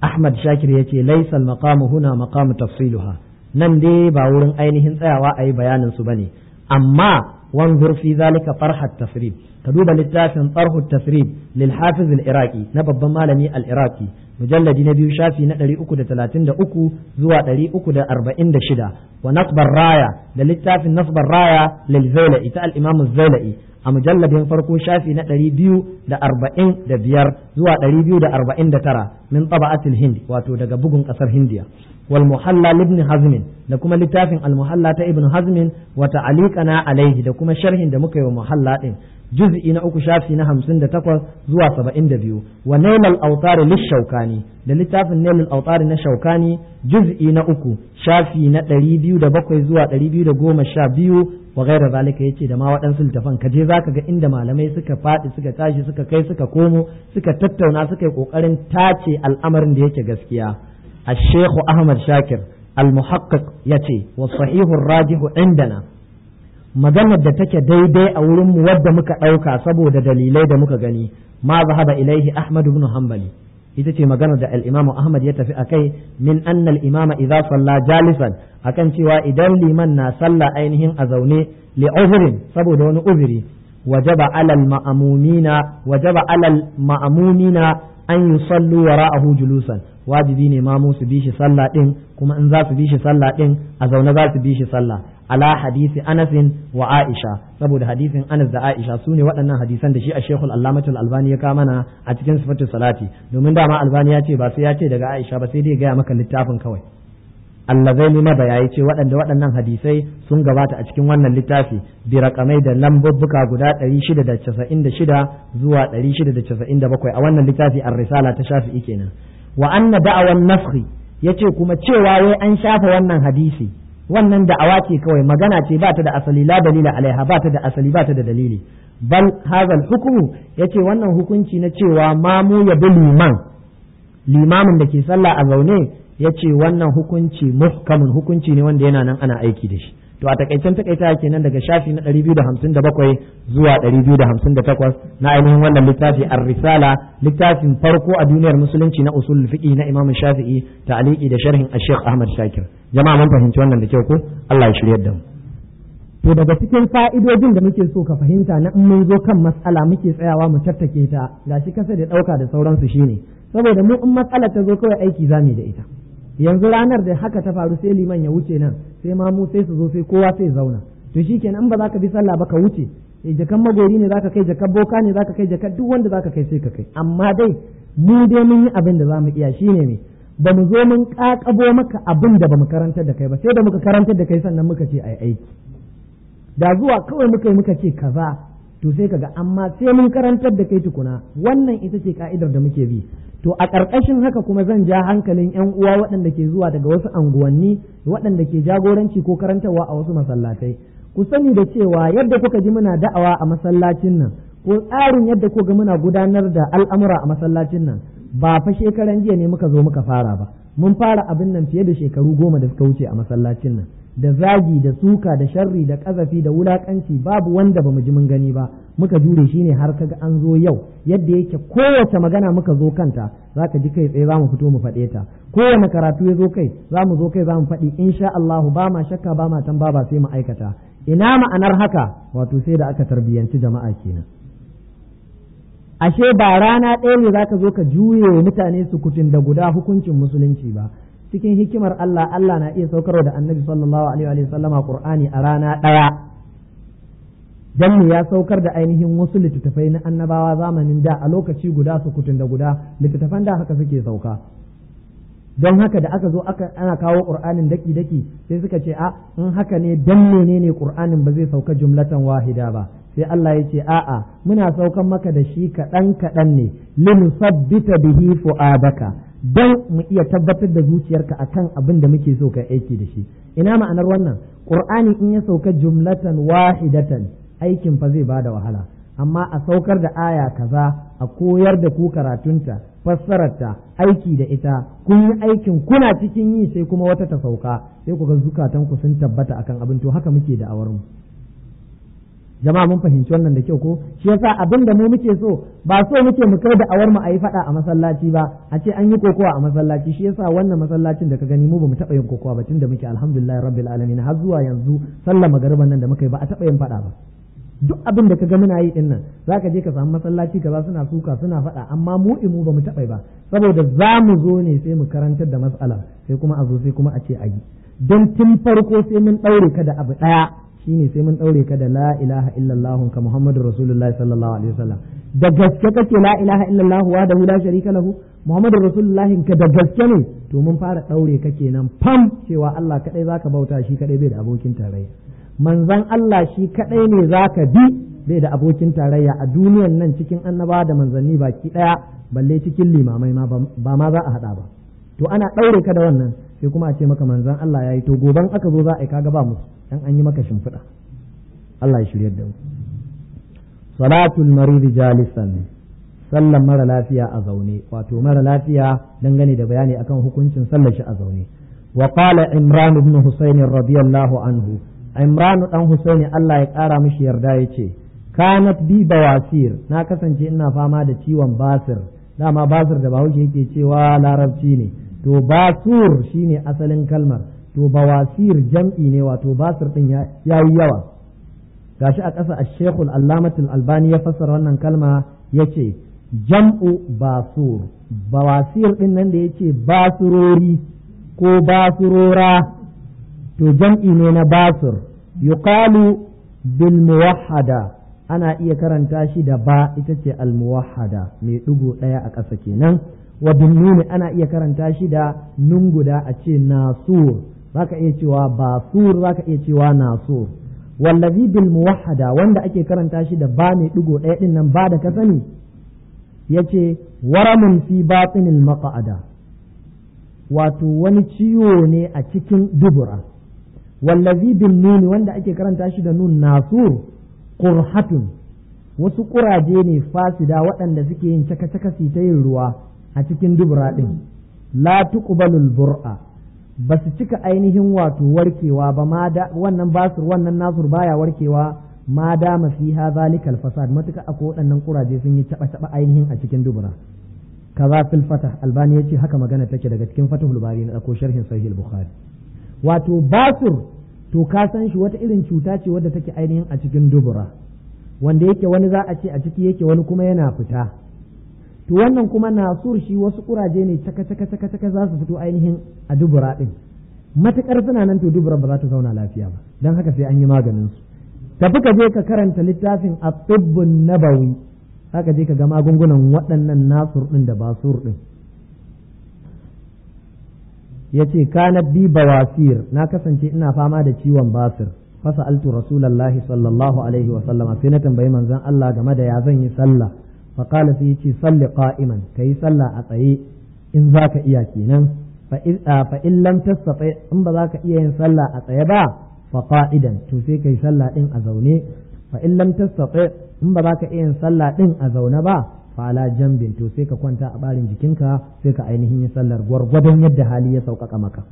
Ahmad Shakir ya ce laisan maqamu huna maqamu tafsiluha nan dai ba wurin ainihin tsayawa a yi bayanin su bane amma wanzur fi zalika farhat tafrid ka duba littafin farhut tafrid lil hafiz al iraqi na babban malami al iraqi mujalladi na biyu shafi na da uku zuwa 346 wa nasbar raya da littafin nasbar raya lil zailai ta al-imam zailai a mujalladin farko shafi na ɗari biyu da arba'in biyar zuwa ɗari biyu da da arba'in tara min taba'atil hindi wato daga bugun ƙasar hindiya wal muhalla ibn da kuma littafin almuhalla muhalla ta ibn hazm wa ta'aliqana alaihi da kuma sharhin da muka yi wa muhalla din juz'i na uku shafi na hamsin da takwas zuwa saba'in da biyu wa nailal autari lishaukani da littafin nailal autari na shaukani juz'i na uku shafi na ɗari biyu da bakwai zuwa ɗari biyu da goma sha biyu wa gaira zalika yace da ma waɗansu littafan ka je zaka ga inda malamai suka faɗi suka tashi suka kai suka komo suka tattauna suka yi ƙoƙarin tace al'amarin da yake gaskiya الشيخ أحمد شاكر المحقق يتي والصحيح الراجح عندنا maganar da take daidai a wurin mu wadda muka ɗauka saboda dalilai da muka gani ma zahaba ilaihi ahmad ibn hanbali ita ce maganar da al-imamu ahmad ya tafi akai min anna al-imama idza salla jalisan akan cewa idan liman na salla ainihin a zaune li uzrin saboda wani uzuri wajaba alal ma'amumina wajaba alal ma'amumina an yusallu wara'ahu julusan wajibi ne ma mu su bi shi sallah din kuma in za su bi shi sallah din a zaune za su bi shi sallah ala hadisi Anasin wa Aisha saboda hadisin Anas da Aisha su ne waɗannan hadisan da shi a Sheikhul Allamatul Albani ya ka mana a cikin sifatu salati domin dama Albani ya ce ba sai ya ce daga Aisha ba sai dai gaya maka littafin kawai allazaini na bayayi ce waɗanda waɗannan hadisai sun gabata a cikin wannan littafi bi kamai da lambobbuka guda ɗari 696 zuwa ɗari bakwai a wannan littafi ar risala ta shafi'i kenan wa anna da'awan ya ce kuma cewa wai an shafa wannan hadisi wannan da'awa ce kawai magana ce ba ta da asali la dalila alaiha ba ta da asali ba ta da dalili bal hazal hukumu yace wannan hukunci na cewa mamu ya bi liman limamin da ke sallah a zaune yace wannan hukunci muhkamun hukunci ne wanda yana nan ana aiki da shi to a takaicen takaita kenan daga shafi na 257 zuwa 258 na ainihin wannan littafi ar-risala littafin farko a duniyar musulunci na usul na Imam Shafi'i ta'liqi da sharhin Sheikh Ahmad Shakir jama'a mun fahimci wannan da kyau ko Allah ya shiryar da mu to daga cikin fa'idojin da muke so ka fahimta na in mun zo kan matsala muke tsayawa mu tattake ta gashi kasa da dauka da sauransu shine saboda mu in matsalar ta zo kawai aiki zamu da ita yanzu ranar da haka ta faru sai liman ya wuce nan sai mamu sai su zo sai kowa sai zauna to shikenan in ba za ka bi sallah ba ka wuce eh jakan magori ne zaka kai jakan boka ne zaka kai jakan duk wanda zaka kai sai ka kai amma dai mu dai mun yi abin da mu iya shine ne ba mu zo mun kakabo maka abin da ba mu karantar da kai ba sai da muka karantar da kai sannan muka ce ai aiki da zuwa kawai muka yi muka ce kaza to sai kaga amma sai mun karantar da kai tukuna wannan ita ce ka'idar da muke bi to a ƙarƙashin haka kuma zan ja hankalin 'yan uwa waɗanda ke zuwa daga wasu anguwanni waɗanda ke jagoranci ko karantarwa a wasu masallatai ku sani da cewa yadda kuka ji muna da'awa a masallacin nan ko tsarin yadda kuka ga muna gudanar da al'amura a masallacin nan ba fa shekaran jiya ne muka zo muka fara ba mun fara abin nan fiye da shekaru goma da suka wuce a masallacin nan da zagi da suka da sharri da ƙazafi da wulaƙanci babu wanda ba mu ji mun gani ba muka jure shi ne har kaga an zo yau yadda yake kowace magana muka zo kanta za ka ji kai tsaye za mu fito mu faɗe ta kowane karatu ya zo kai za mu zo kai za mu faɗi insha Allah ba ma shakka ba ma tamba ba sai mu aikata ina ma'anar haka wato sai da aka tarbiyanci jama'a kenan ashe ba rana ɗaya ne za ka zo ka juye mutane su kutun da guda hukuncin musulunci ba cikin hikimar Allah Allah na iya saukarwa da annabi sallallahu alaihi wa sallama qur'ani a rana ɗaya dan mu ya saukar da ainihin wasu littattafai na annabawa zamanin da a lokaci guda su kutun da guda littattafan da haka suke sauka don haka da aka zo aka ana kawo qur'anin daki daki sai suka ce a in haka ne dan ne qur'anin ba zai sauka jumlatan wahida ba sai Allah ya ce a'a muna saukan maka da shi kaɗan kaɗan ne lin sabbita bihi fu'adaka don mu iya tabbatar da zuciyarka a kan abin da muke so ka aiki da shi ina ma'anar wannan qur'ani in ya sauka jumlatan wahidatan aikin fa zai bada wahala amma a saukar da aya kaza a koyar da ku karatunta fassararta aiki da ita kun yi aikin kuna cikin yi sai kuma wata ta sauka sai ku ga zukatan ku sun tabbata akan abin to haka muke da mu jama'a mun fahimci wannan da kyau ko shi yasa abin da mu muke so ba so muke mu kai da awar mu a fada a masallaci ba a ce an yi kokowa a masallaci shi yasa wannan masallacin da ka gani mu bamu taba yin kokowa ba tunda muke alhamdulillah rabbil alamin har zuwa yanzu sallar magariban nan da muka yi ba a taba yin fada ba duk abin da ka ga muna yi dinnan za ka je ka samu masallaci kaza suna suka suna faɗa amma mu imu ba mu taɓa ba saboda za mu zo ne sai mu karantar da mas'ala sai kuma a zo sai kuma a ce a yi don tun farko sai mun ɗaure ka da abu ɗaya shine sai mun ɗaure ka da la ilaha illallah ka muhammadu rasulullahi sallallahu alaihi wasallam da gaske kake la ilaha illallah wa da la sharika lahu muhammadu rasulullahi ka da gaske ne to mun fara ɗaure ka kenan fam cewa Allah kaɗai zaka bauta shi kaɗai bai da abokin tarayya manzan Allah shi kaɗai ne zaka bi bai da abokin tarayya a duniyan nan cikin annaba da manzanni baki ɗaya balle cikin limamai ma ba ma za a hada ba to ana ɗaure ka da wannan sai kuma a ce maka manzan Allah ya yi to goban aka zo za a yi kaga ba mu dan an yi maka shimfiɗa Allah ya shirya da mu salatul marid jalisan sallan mara lafiya a zaune wato mara lafiya dangane da bayani akan hukuncin sallar shi a zaune wa qala imran ibn husayn radiyallahu anhu imranu dan husaini Allah ya kara mishi yarda yace kanat bi bawasir na kasance ina fama da ciwon basir dama basir da bahaushe yake cewa larabci ne to basur shine asalin kalmar to bawasir jam'i ne wato basir din yayi yawa gashi a ƙasa al-Sheikh al-Allamatul Albani ya fassara wannan kalma yace jam'u basur bawasir din nan da yace basurori ko basurora to jam'i ne na basir yuqalu bil muwahhada ana iya karanta shi da ba ita ce al muwahhada mai ɗigo ɗaya a ƙasa kenan wa nuni ana iya karanta shi da nun guda a ce nasur zaka iya cewa basur zaka iya cewa nasur wallazi bil wanda ake karanta shi da ba mai ɗigo ɗaya ɗin nan ba da ka sani yace waramun fi batinil maqada wato wani ciwo ne a cikin dubura wallazi bin nuni wanda ake karanta shi da nun nasur qurhatun wasu kuraje ne fasida waɗanda suke yin caka-caka su ta yin ruwa a cikin dubura ɗin la tuqbalul bur'a ba su cika ainihin wato warkewa ba ma da wannan basur wannan nasur baya warkewa ma da fiha zalikal fasad matuka akwai waɗannan kuraje sun yi caba-caba ainihin a cikin dubura kaza fil fatah albani yace haka magana take daga cikin fatahul bari na ko sharhin sahih bukhari wato basur to ka san shi wata irin cuta ce wadda take ainihin a cikin dubura wanda yake wani za a ce a ciki yake wani kuma yana fita to wannan kuma nasur shi wasu kuraje ne taka taka taka taka za su fito ainihin a dubura din matukar suna nan to dubura ba za ta zauna lafiya ba don haka sai an yi maganin su tafi ka je ka karanta littafin a tsibbin nabawi haka je ka ga magungunan waɗannan nasur ɗin da basur ɗin. ya ce kana bi bawasir na kasance ina fama da ciwon basir fasa'altu rasulallah sallallahu alaihi wa sallama sai na tambayi manzon Allah game da ya zan yi sallah fa qala sai yace salli qa'iman kai sallah a tsaye in zaka iya kenan fa in lam tastati in ba zaka iya yin sallah a tsaye ba fa qa'idan to sai kai sallah din a zaune fa in lam tastati in ba zaka iya yin sallah din a zaune ba fala jambin to sai ka kwanta a barin jikinka sai ka ainihin yi sallar gwargwadon yadda hali ya sauƙaƙa maka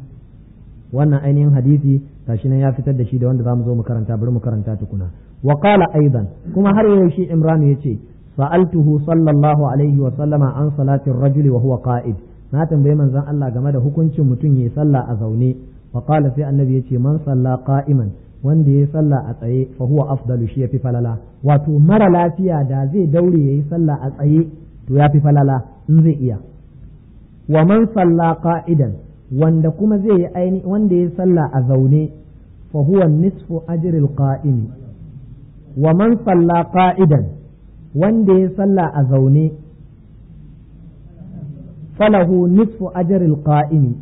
wannan ainihin hadisi tashi nan ya fitar da shi da wanda mu zo mu karanta bari mu karanta tukuna wa qala aidan kuma har yau shi imran yace sa'altuhu sallallahu alaihi wa sallama an salati ar-rajuli wa huwa qa'id na tambaye manzon Allah game da hukuncin mutum yayi sallah a zaune wa qala sai annabi yace man salla qa'iman wanda ya sallah a tsaye fa huwa afdalu shi fi falala wato mara lafiya da zai daure ya yi sallah a tsaye to ya fi falala in zai iya wa man salla qa'idan wanda kuma zai yi aini wanda ya salla a zaune fa huwa nisfu ajril qa'imi wa man salla qa'idan wanda ya salla a zaune falahu nisfu ajril qa'imi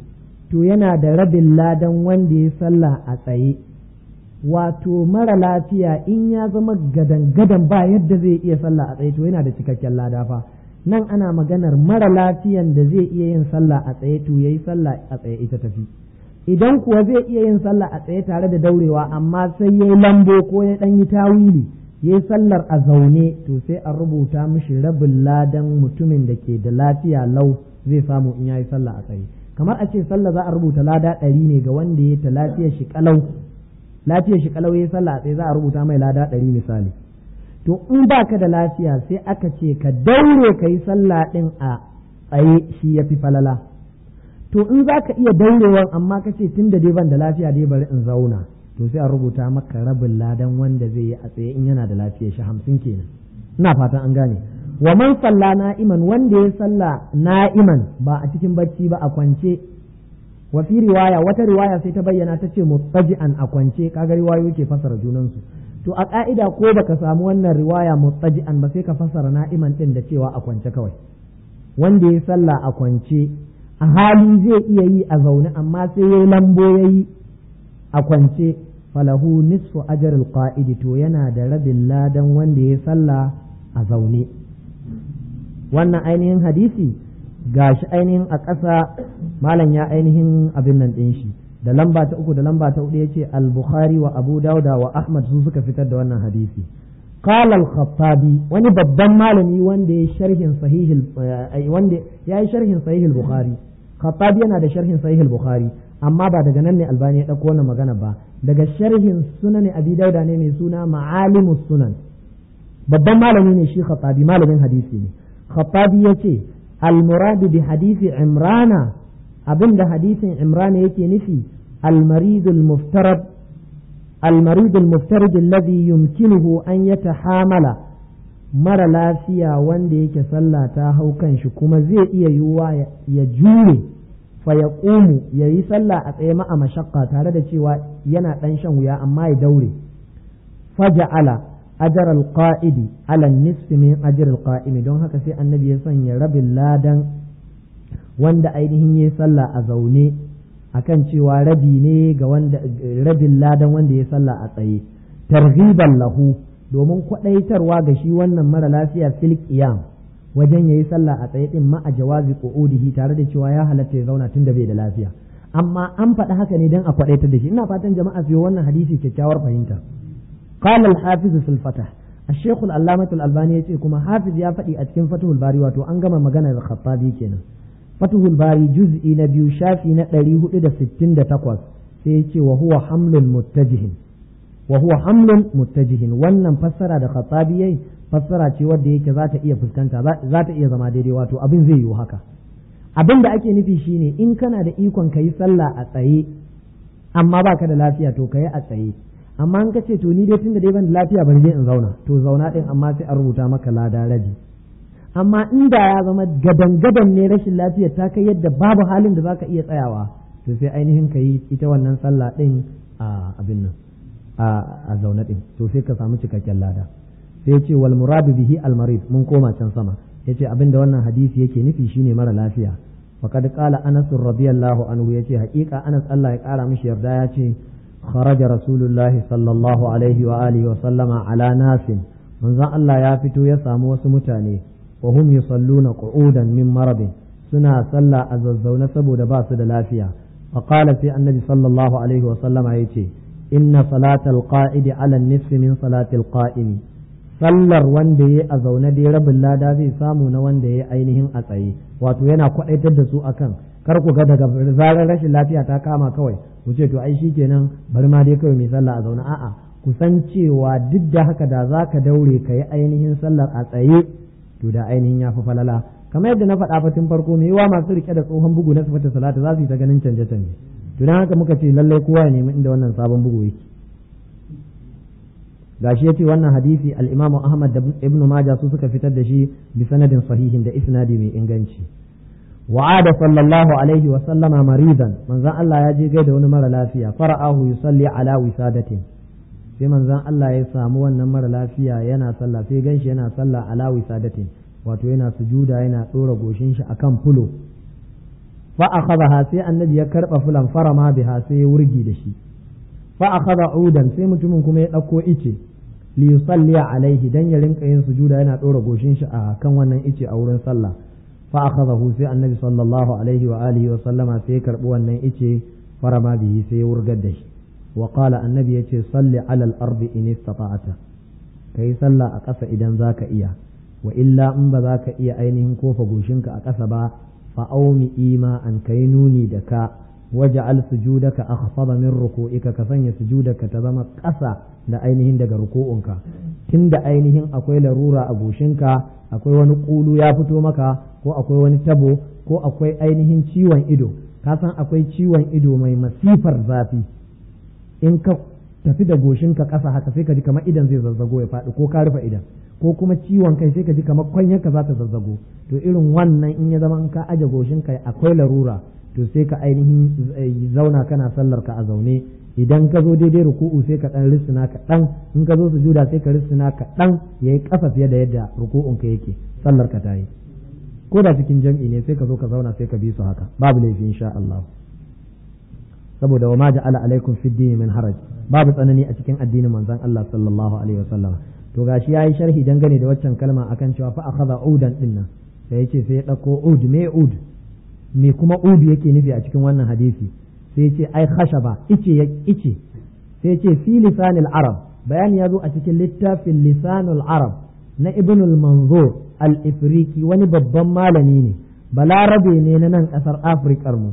to yana da rabin ladan wanda ya salla a tsaye wato mara lafiya in ya zama gadan-gadan ba yadda zai iya sallah a tsaye to yana da cikakken lada fa nan ana maganar mara lafiyan da zai iya yin sallah a tsaye to yayi sallah a tsaye ita tafi idan kuwa zai iya yin sallah a tsaye tare da daurewa amma sai yayi lambo ko ya dan yi tawili yayi sallar a zaune to sai a rubuta mishi rabin ladan mutumin da ke da lafiya lau zai samu in yayi sallah a tsaye kamar a ce sallah za a rubuta lada ɗari ne ga wanda ya ta lafiyar shi kalau lafiyar shi kalawai ya sallah sai za a rubuta mai lada ɗari misali to in ba ka da lafiya sai aka ce ka daure ka yi sallah ɗin a tsaye shi ya fi falala to in za ka iya daurewan amma ka ce tun da dai ban da lafiya dai bari in zauna to sai a rubuta maka rabin ladan wanda zai yi a tsaye in yana da lafiya shi hamsin kenan ina fatan an gane wa man sallah na'iman wanda ya salla na'iman ba a cikin bacci ba a kwance wasi riwaya wata riwaya sai ta bayyana ta ce muttaji'an a kwance kaga riwayoyi ke fasara junansu to a ka'ida ko baka samu wannan riwaya muttaji'an ba sai ka fasara na'iman din da cewa a kwance kawai wanda ya sallah a kwance a hali zai iya yi a zaune amma sai ya lambo ya yi a kwance falahu nisfu ajarul qa'idi to yana da rabin ladan wanda ya sallah a zaune wannan ainihin hadisi Ga shi ainihin a ƙasa malam ya ainihin abin nan ɗin shi da lamba ta uku da lamba ta hudu yace al-bukhari wa abu dauda wa ahmad su suka fitar da wannan hadisi qala al-khattabi wani babban malami wanda ya sharhin sahihil eh, eh, wanda ya yi sharhin sahihil bukhari khattabi yana da sharhin sahihil bukhari amma ba daga nan ne albani ya dauko wannan magana ba daga sharhin sunan abi dauda ne mai suna ma'alimus sunan babban malami ne shi khattabi malamin hadisi ne khattabi yace المراد بحديث عمران أبن حديث عمران يكي نفي المريض المفترض المريض المفترض الذي يمكنه أن يتحامل mara lafiya wanda yake sallah ta hau kanshi shi kuma zai iya yiwuwa ya jure fa ya ƙumu ya yi sallah a tsaye ma'a mashakka tare da cewa yana ɗan shan wuya amma ya daure faja'ala ajar alqa'idi ala nisfi min ajr alqa'imi don haka sai annabi ya sanya rabin ladan wanda ainihin ya sallah a zaune kan cewa rabi ne ga wanda rabin ladan wanda ya sallah a tsaye targhiban lahu domin kwadaitarwa ga shi wannan mara lafiya fil qiyam wajen yayi sallah a tsaye din ma a jawazi qu'udihi tare da cewa ya halatta ya zauna tunda bai da lafiya amma an faɗi haka ne don a kwadaitar da shi ina fatan jama'a su yi wannan hadisi kyakkyawar fahimta qala al-hafiz fil fatah الشيخ العلامة الألباني يقول كما حافظ يا فتي أتكن فتح الباري واتو أنجم مغانا الخطابي كنا فتح الباري جزء نبي شافي نتليه إلى ستين دا تقوص سيتي وهو حمل متجه وهو حمل متجه وانا فسر دا خطابي فسر تي ودي ذات إيا فسكانتا ذات إيا زما دي واتو أبن زي وهكا abin da ake nufi shine in kana da ikon ka yi sallah a tsaye amma baka da lafiya to ka yi a tsaye amma in ka ce to ni dai tunda dai ban da lafiya ban je in zauna to zauna din amma sai an rubuta maka lada rabi amma inda ya zama gadan gadan ne rashin lafiyar ta kai yadda babu halin da zaka iya tsayawa to sai ainihin ka yi ita wannan sallah din a abin nan a zauna din to sai ka samu cikakken lada sai ce wal muradu bihi al marid mun koma can sama yace abin da wannan hadisi yake nufi shine mara lafiya faqad qala anas radiyallahu anhu yace haƙiƙa anas Allah ya kara mishi yarda yace خرج رسول الله صلى الله عليه وآله وسلم على ناس من ذا الله يافتو يسام وسمتاني وهم يصلون قعودا من مرض سنا صلى أززون سبو دباس دلافيا فقال في النبي صلى الله عليه وسلم أيتي إن صلاة القائد على النصف من صلاة القائم sallar wanda ya a zaune dai rabin lada zai samu na wanda ya ainihin a tsaye wato yana kwaɗaitar da su akan kar ku ga daga zarar rashin lafiya ta kama kawai ku ce to ai shi shikenan bari ma dai kawai mai sallah a zauna a'a san cewa duk da haka da za ka daure ka yi ainihin sallar a tsaye to da ainihin ya fi falala kamar yadda na faɗa fatin farko mai yawa masu rike da tsohon bugu na sifata salata za su yi ta ganin canje-canje to dan haka muka ce lallai kowa ya nemi inda wannan sabon bugu yake gashi yace wannan hadisi al-Imam Ahmad da Ibn Majah su suka fitar da shi bi sanadin sahihin da isnadi mai inganci وعاد صلى الله عليه وسلم مريضا من ذا الله يجي wani ونمر لا فيها فرآه يصلي على وسادته في من ذا الله يسامو ونمر لا فيها ينا صلى في قنش ينا صلى على وسادته wato yana sujuda yana ɗora goshin shi akan fulo fa akhadha sai annabi ya karba fulan fara biha sai ya wurgi da shi fa akhadha udan sai mutumin kuma ya ɗauko ice li yusalli alaihi dan ya rinka yin sujuda yana ɗora goshin shi akan wannan ice a wurin sallah fa akhadahu sai annabi sallallahu alaihi wa alihi wa sallama sai karbi wannan ice farama bihi sai ya wurgar da shi wa qala annabi yace salli ala al-ardi in istata'ata kai sallah a ƙasa idan zaka iya wa illa in ba zaka iya ainihin kofa goshinka a ƙasa ba fa aumi ima an kai nuni da ka waj'al sujudaka akhfada min ruku'ika ka sanya sujudaka ta zama ƙasa da ainihin daga ruku'unka tunda ainihin akwai larura a goshinka akwai wani ƙulu ya fito maka ko akwai wani tabo ko akwai ainihin ciwon ido ka san akwai ciwon ido mai masifar zafi in ka tafi da goshinka ƙasa haka sai ka ji kamar idan zai zazzago ya faɗi ko ka rufe idan ko kuma ciwon kai sai ka ji kamar kwanyarka za ta zazzago to irin wannan in ya zama in ka aje kai akwai larura to sai ka ainihin eh, zauna kana sallar ka a zaune idan ka zo daidai ruku'u sai ka dan risina ka dan in ka zo sujuda sai ka risina ka dan yayi kafa fiye da yadda ruku'un ka yake sallar ka tayi ko da cikin jam'i ne sai ka zo ka zauna sai ka bi su haka babu laifi insha Allah saboda wa ma ja'ala alaikum fid din min haraj babu tsanani a cikin addinin manzon Allah sallallahu alaihi wasallam to gashi yayi sharhi dangane da waccan kalma akan cewa fa akhadha udan dinnan sai yace sai ya dauko ud me ud me kuma ud yake nufi a cikin wannan hadisi sai ce ai khashaba ice ya ice sai ce fi lisanil arab bayani ya zo a cikin littafin lisanul arab na ibnul manzor al-ifriqi wani babban malami ne balarabe ne na nan kasar afirkar mu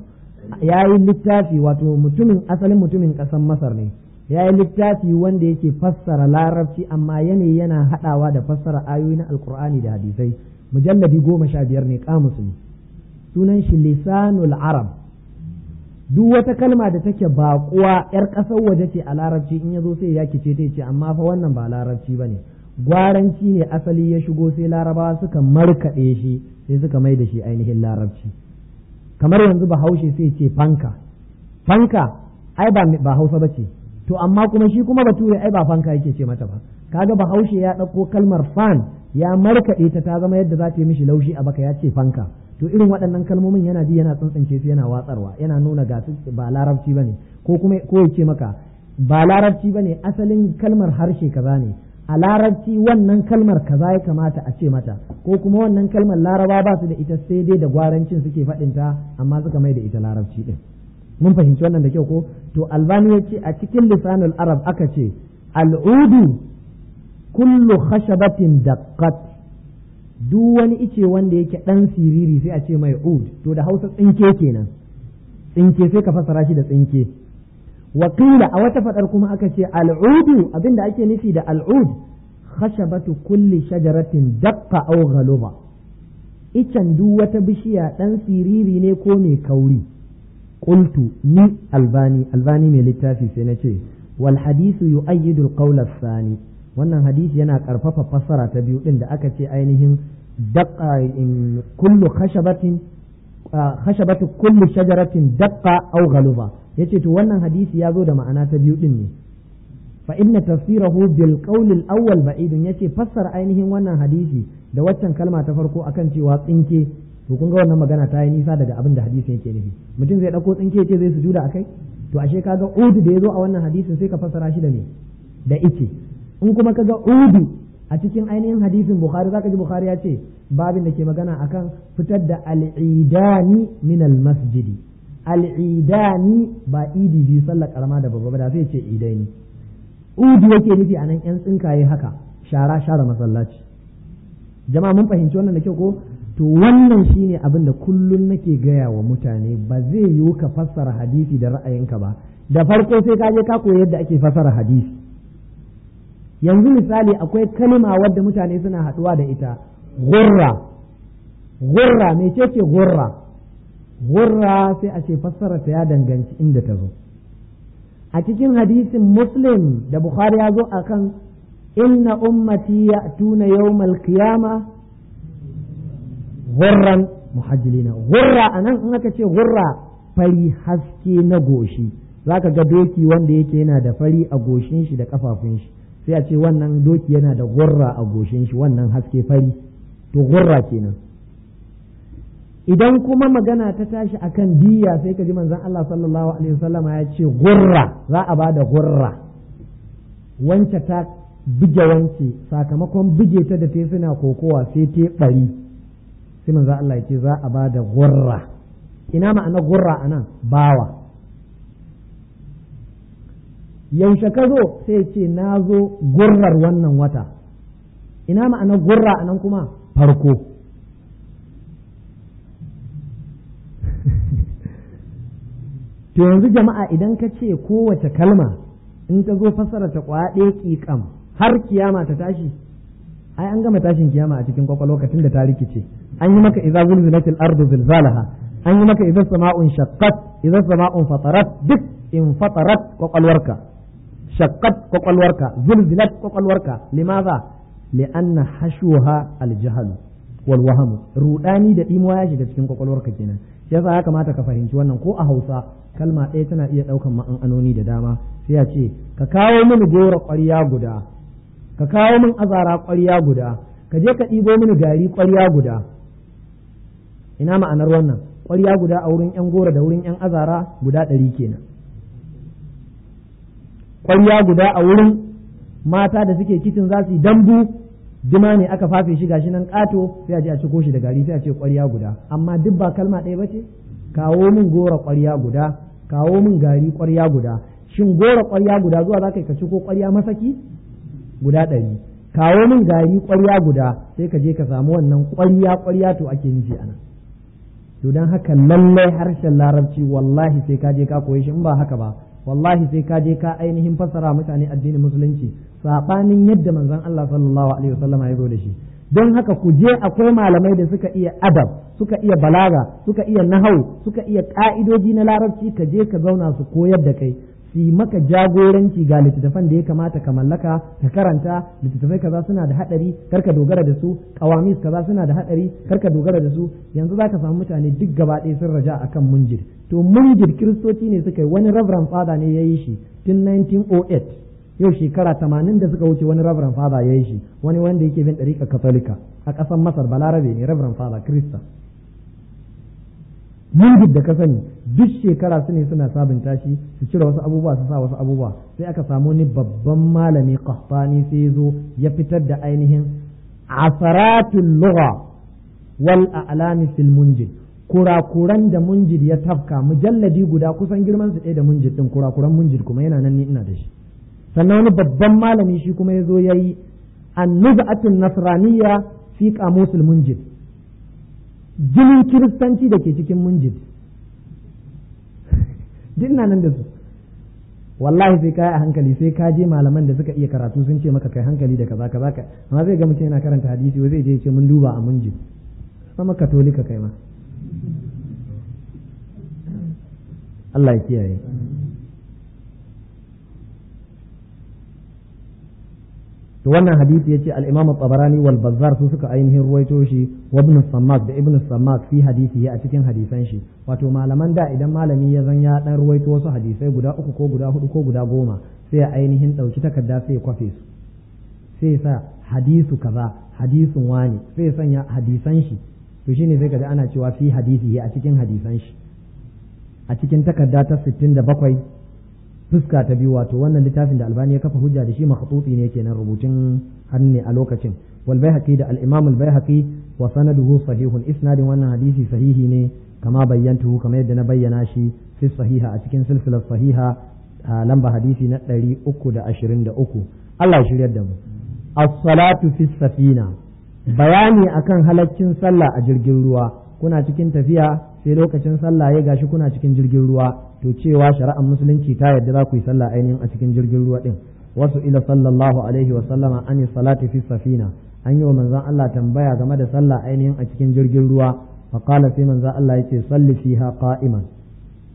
ya yi littafi wato mutumin asalin mutumin kasar masar ne ya yi littafi wanda yake fassara larabci amma yanayi yana haɗawa da fassara ayoyi na alkur'ani da hadisai mujalladi goma sha biyar ne kamusu sunan shi lisanul arab duk wata kalma da take baƙuwa yar ƙasar waje ce a larabci in ya zo sai ya kice ta ce amma fa wannan ba larabci bane gwaranci ne asali ya shigo sai larabawa suka markaɗe shi sai suka mai da shi ainihin larabci kamar yanzu bahaushe sai ce fanka fanka ai ba ba hausa ba ce to amma kuma shi kuma bature ai ba fanka yake ce mata ba kaga bahaushe ya ɗauko kalmar fan ya markaɗe ta ta zama yadda za ta yi mishi laushi a baka ya ce fanka to irin waɗannan kalmomin yana ji yana tsantsance su yana watsarwa yana nuna ga ba larabci bane ko kuma ko maka ba larabci bane asalin kalmar harshe kaza ne a larabci wannan kalmar kaza ya kamata a ce mata ko kuma wannan kalmar laraba ba su da ita sai dai da gwarancin suke faɗinta amma suka mai da ita larabci din mun fahimci wannan da kyau ko to albani ya ce a cikin lisanul arab aka ce al'udu kullu khashabatin daqqat duk wani ice wanda yake dan siriri sai a ce mai ud to da hausa tsinke kenan tsinke sai ka fasara shi da tsinke wakila a wata fadar kuma aka ce al'udu abinda ake nufi da al'ud khashabatu kulli shajaratin daqqa aw ghaluba icen duk wata bishiya dan siriri ne ko mai kauri qultu ni albani albani mai littafi sai na ce wal hadithu yu'ayyidu al-qawla thani wannan hadisi yana karfafa fassara ta biyu din da aka ce ainihin daqqa in kullu khashabatin khashabatu kullu shajaratin daqqa aw ghaluba yace to wannan hadisi ya zo da ma'ana ta biyu din ne fa inna tafsirahu bil qawl al awwal ba'idun yace fassara ainihin wannan hadisi da waccan kalma ta farko akan cewa tsinke to kun ga wannan magana ta yi nisa daga abin da hadisin yake nufi mutum zai dauko tsinke yace zai sujuda akai to ashe kaga udu da yazo a wannan hadisin sai ka fassara shi da me da ice in kuma kaga udu a cikin ainihin hadisin bukhari zaka ji bukhari ya ce babin da ke magana akan fitar da al'idani min al-masjidi al'idani ba idi biyu sallar karama da babba da sai ce idani udu yake nufi anan nan yan tsinkaye haka shara shara masallaci jama'a mun fahimci wannan da kyau ko to wannan shine abin da kullun nake gaya wa mutane ba zai yiwu ka fassara hadisi da ra'ayinka ba da farko sai ka je ka koyi yadda ake fassara hadisi yanzu misali akwai kalima wadda mutane suna haɗuwa da ita gurra gurra mai ce gurra gurra sai a ce fassara ta ya danganci inda ta zo a cikin hadisin muslim da bukhari ya zo akan inna ummati ya tuna yawmal qiyama gurran muhajjilina gurra anan in aka ce gurra fari haske na goshi zaka ga doki wanda yake yana da fari a goshin shi da kafafun shi sai a ce wannan doki yana da gurra a goshin shi wannan haske fari to gurra kenan idan kuma magana ta tashi akan diya sai ka ji manzon Allah sallallahu alaihi wasallam ya ce gurra za a ba da gurra wance ta bige wance sakamakon bige ta da ta suna kokowa sai ta bari sai manzon Allah ya ce za a ba da gurra ina ma'ana gurra anan bawa yaushe ka zo sai ce na zo gurrar wannan wata ina ma'ana gurra anan kuma farko to yanzu jama'a idan ka ce kowace kalma in ta zo fassara ta kwaɗe ƙiƙam har kiyama ta tashi ai an gama tashin kiyama a cikin kwakwalwa lokacin da ta rikice an yi maka idza zulzilatil ardu zilzalaha an yi maka iza sama'un shaqqat iza sama'un fatarat duk in fatarat kwakwalwarka shakkat kwakwalwarka zulzilat kwakwalwarka limaza li'anna hashuha aljahalu wal ruɗani rudani da dimuwa ya shiga cikin kwakwalwarka kenan yasa ya kamata ka fahimci wannan ko a Hausa kalma ɗaya tana iya ɗaukan ma'ananoni da dama sai ya ce ka kawo mini goro ƙwarya guda ka kawo min azara ƙwarya guda ka je ka ɗibo mini gari ƙwarya guda ina ma'anar wannan ƙwarya guda a wurin 'yan goro da wurin 'yan azara guda ɗari kenan kwarya guda a wurin mata da suke kicin za su yi dambu jima ne aka fafe shi gashi nan kato sai a je a ciko shi da gari sai a ce kwarya guda amma duk ba kalma ɗaya ba ce kawo min gora kwarya guda kawo min gari kwarya guda shin gora kwarya guda zuwa za ka ciko kwarya masaki guda ɗari kawo min gari kwarya guda sai ka je ka samu wannan kwarya kwarya to ake nufi a nan to don haka lallai harshen larabci wallahi sai ka je ka koyi shi in ba haka ba wallahi sai ka je ka ainihin fassara mutane addinin musulunci sabanin yadda manzon Allah sallallahu alaihi wasallama ya zo da shi don haka ku je akwai malamai da suka iya adab suka iya balaga suka iya nahau suka iya ka'idoji na larabci ka je ka zauna su koyar da kai su maka jagoranci ga littattafan da ya kamata ka mallaka ka karanta littattafai kaza suna da hadari karka dogara da su kawamis kaza suna da hadari ka dogara da su yanzu ka samu mutane duk gaba ɗaya sun raja akan munjir to munjir kiristoci ne suka yi wani reverend father ne ya yi shi tun 1908 yau shekara tamanin da suka wuce wani reverend father ya yi shi wani wanda yake bin ɗarika katolika a ƙasar masar balarabe ne reverend father krista mungid da ka sani duk shekara su ne suna sabunta shi su cire wasu abubuwa su sa wasu abubuwa sai aka samu ni babban malami qahtani sai zo ya fitar da ainihin asaratul lugha wal a'lami fil munjid kurakuran da munjid ya tafka mujalladi guda kusan girman su ɗaya da munjid din kurakuran munjid kuma yana nan ni ina da shi sannan wani babban malami shi kuma ya zo ya yi annuza'atun nasraniya fi qamusul munjid jinin kiristanci da ke cikin munjid duk na nan da su wallahi sai ka yi a hankali sai ka je malaman da suka iya karatu sun ce maka kai hankali da kaza kaza ka amma zai ga mutum yana karanta hadisi wai zai je ce mun duba a munjid sama katolika kai ma Allah ya kiyaye to wannan hadisi yace al-Imam tabarani wal Bazzar su suka ainihin ruwaito shi wa Ibn Sammak da Ibn Sammak fi hadisi a cikin hadisan shi wato malaman da idan malami ya zan ya dan ruwaito wasu hadisai guda uku ko guda hudu ko guda goma sai ya ainihin dauki takarda sai ya kwafe su sai sa hadisu kaza hadisun wani sai ya sanya hadisan shi to shine sai kaga ana cewa fi hadisi a cikin hadisan shi a cikin takarda ta 67 fuska ta biyu wato wannan littafin da albani ya kafa hujja da shi makhtuti ne kenan rubutun hannu a lokacin wal baihaqi da al-imam al-baihaqi wa sanaduhu sahihun isnadin wannan hadisi sahihi ne kama bayyantuhu kamar yadda na bayyana shi fi sahiha a cikin silsilar sahiha a lamba hadisi na 323 Allah ya shiryar da mu as-salatu fi safina bayani akan halaccin sallah a jirgin ruwa kuna cikin tafiya sai lokacin sallah ya gashi kuna cikin jirgin ruwa to cewa shari'ar musulunci ta yarda za ku yi sallah ainihin a cikin jirgin ruwa din wasu ila sallallahu alaihi wa sallama an yi salati fi safina an yi wa manzon Allah tambaya game da sallah ainihin a cikin jirgin ruwa fa qala sai manzon Allah yace salli fiha qa'iman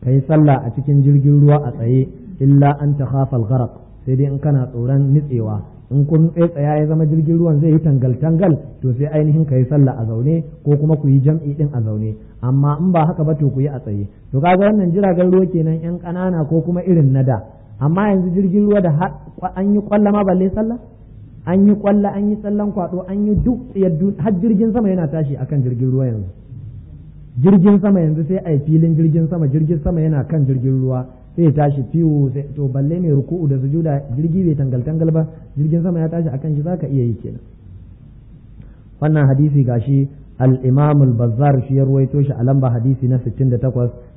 kai sallah a cikin jirgin ruwa a tsaye illa an takhafa al-gharq sai dai in kana tsoron nitsewa in kun tsaya ya zama jirgin ruwan zai yi tangal-tangal to sai ainihin ka yi sallah a zaune ko kuma ku yi jam'i din a zaune amma in ba haka ba to ku yi a tsaye to kaga wannan jiragen ruwa kenan yan kanana ko kuma irin na da amma yanzu jirgin ruwa da an yi kwalla ma balle sallah an yi kwalla an yi sallan kwado an yi duk har jirgin sama yana tashi akan jirgin ruwa yanzu jirgin sama yanzu sai a filin jirgin sama jirgin sama yana kan jirgin ruwa sai tashi fiwu sai to balle mai ruku'u da sujuda jirgi bai tangal tangal ba jirgin sama ya tashi akan shi zaka iya yi kenan wannan hadisi gashi al-Imam al-Bazzar shi ya ruwaito shi a lamba hadisi na 68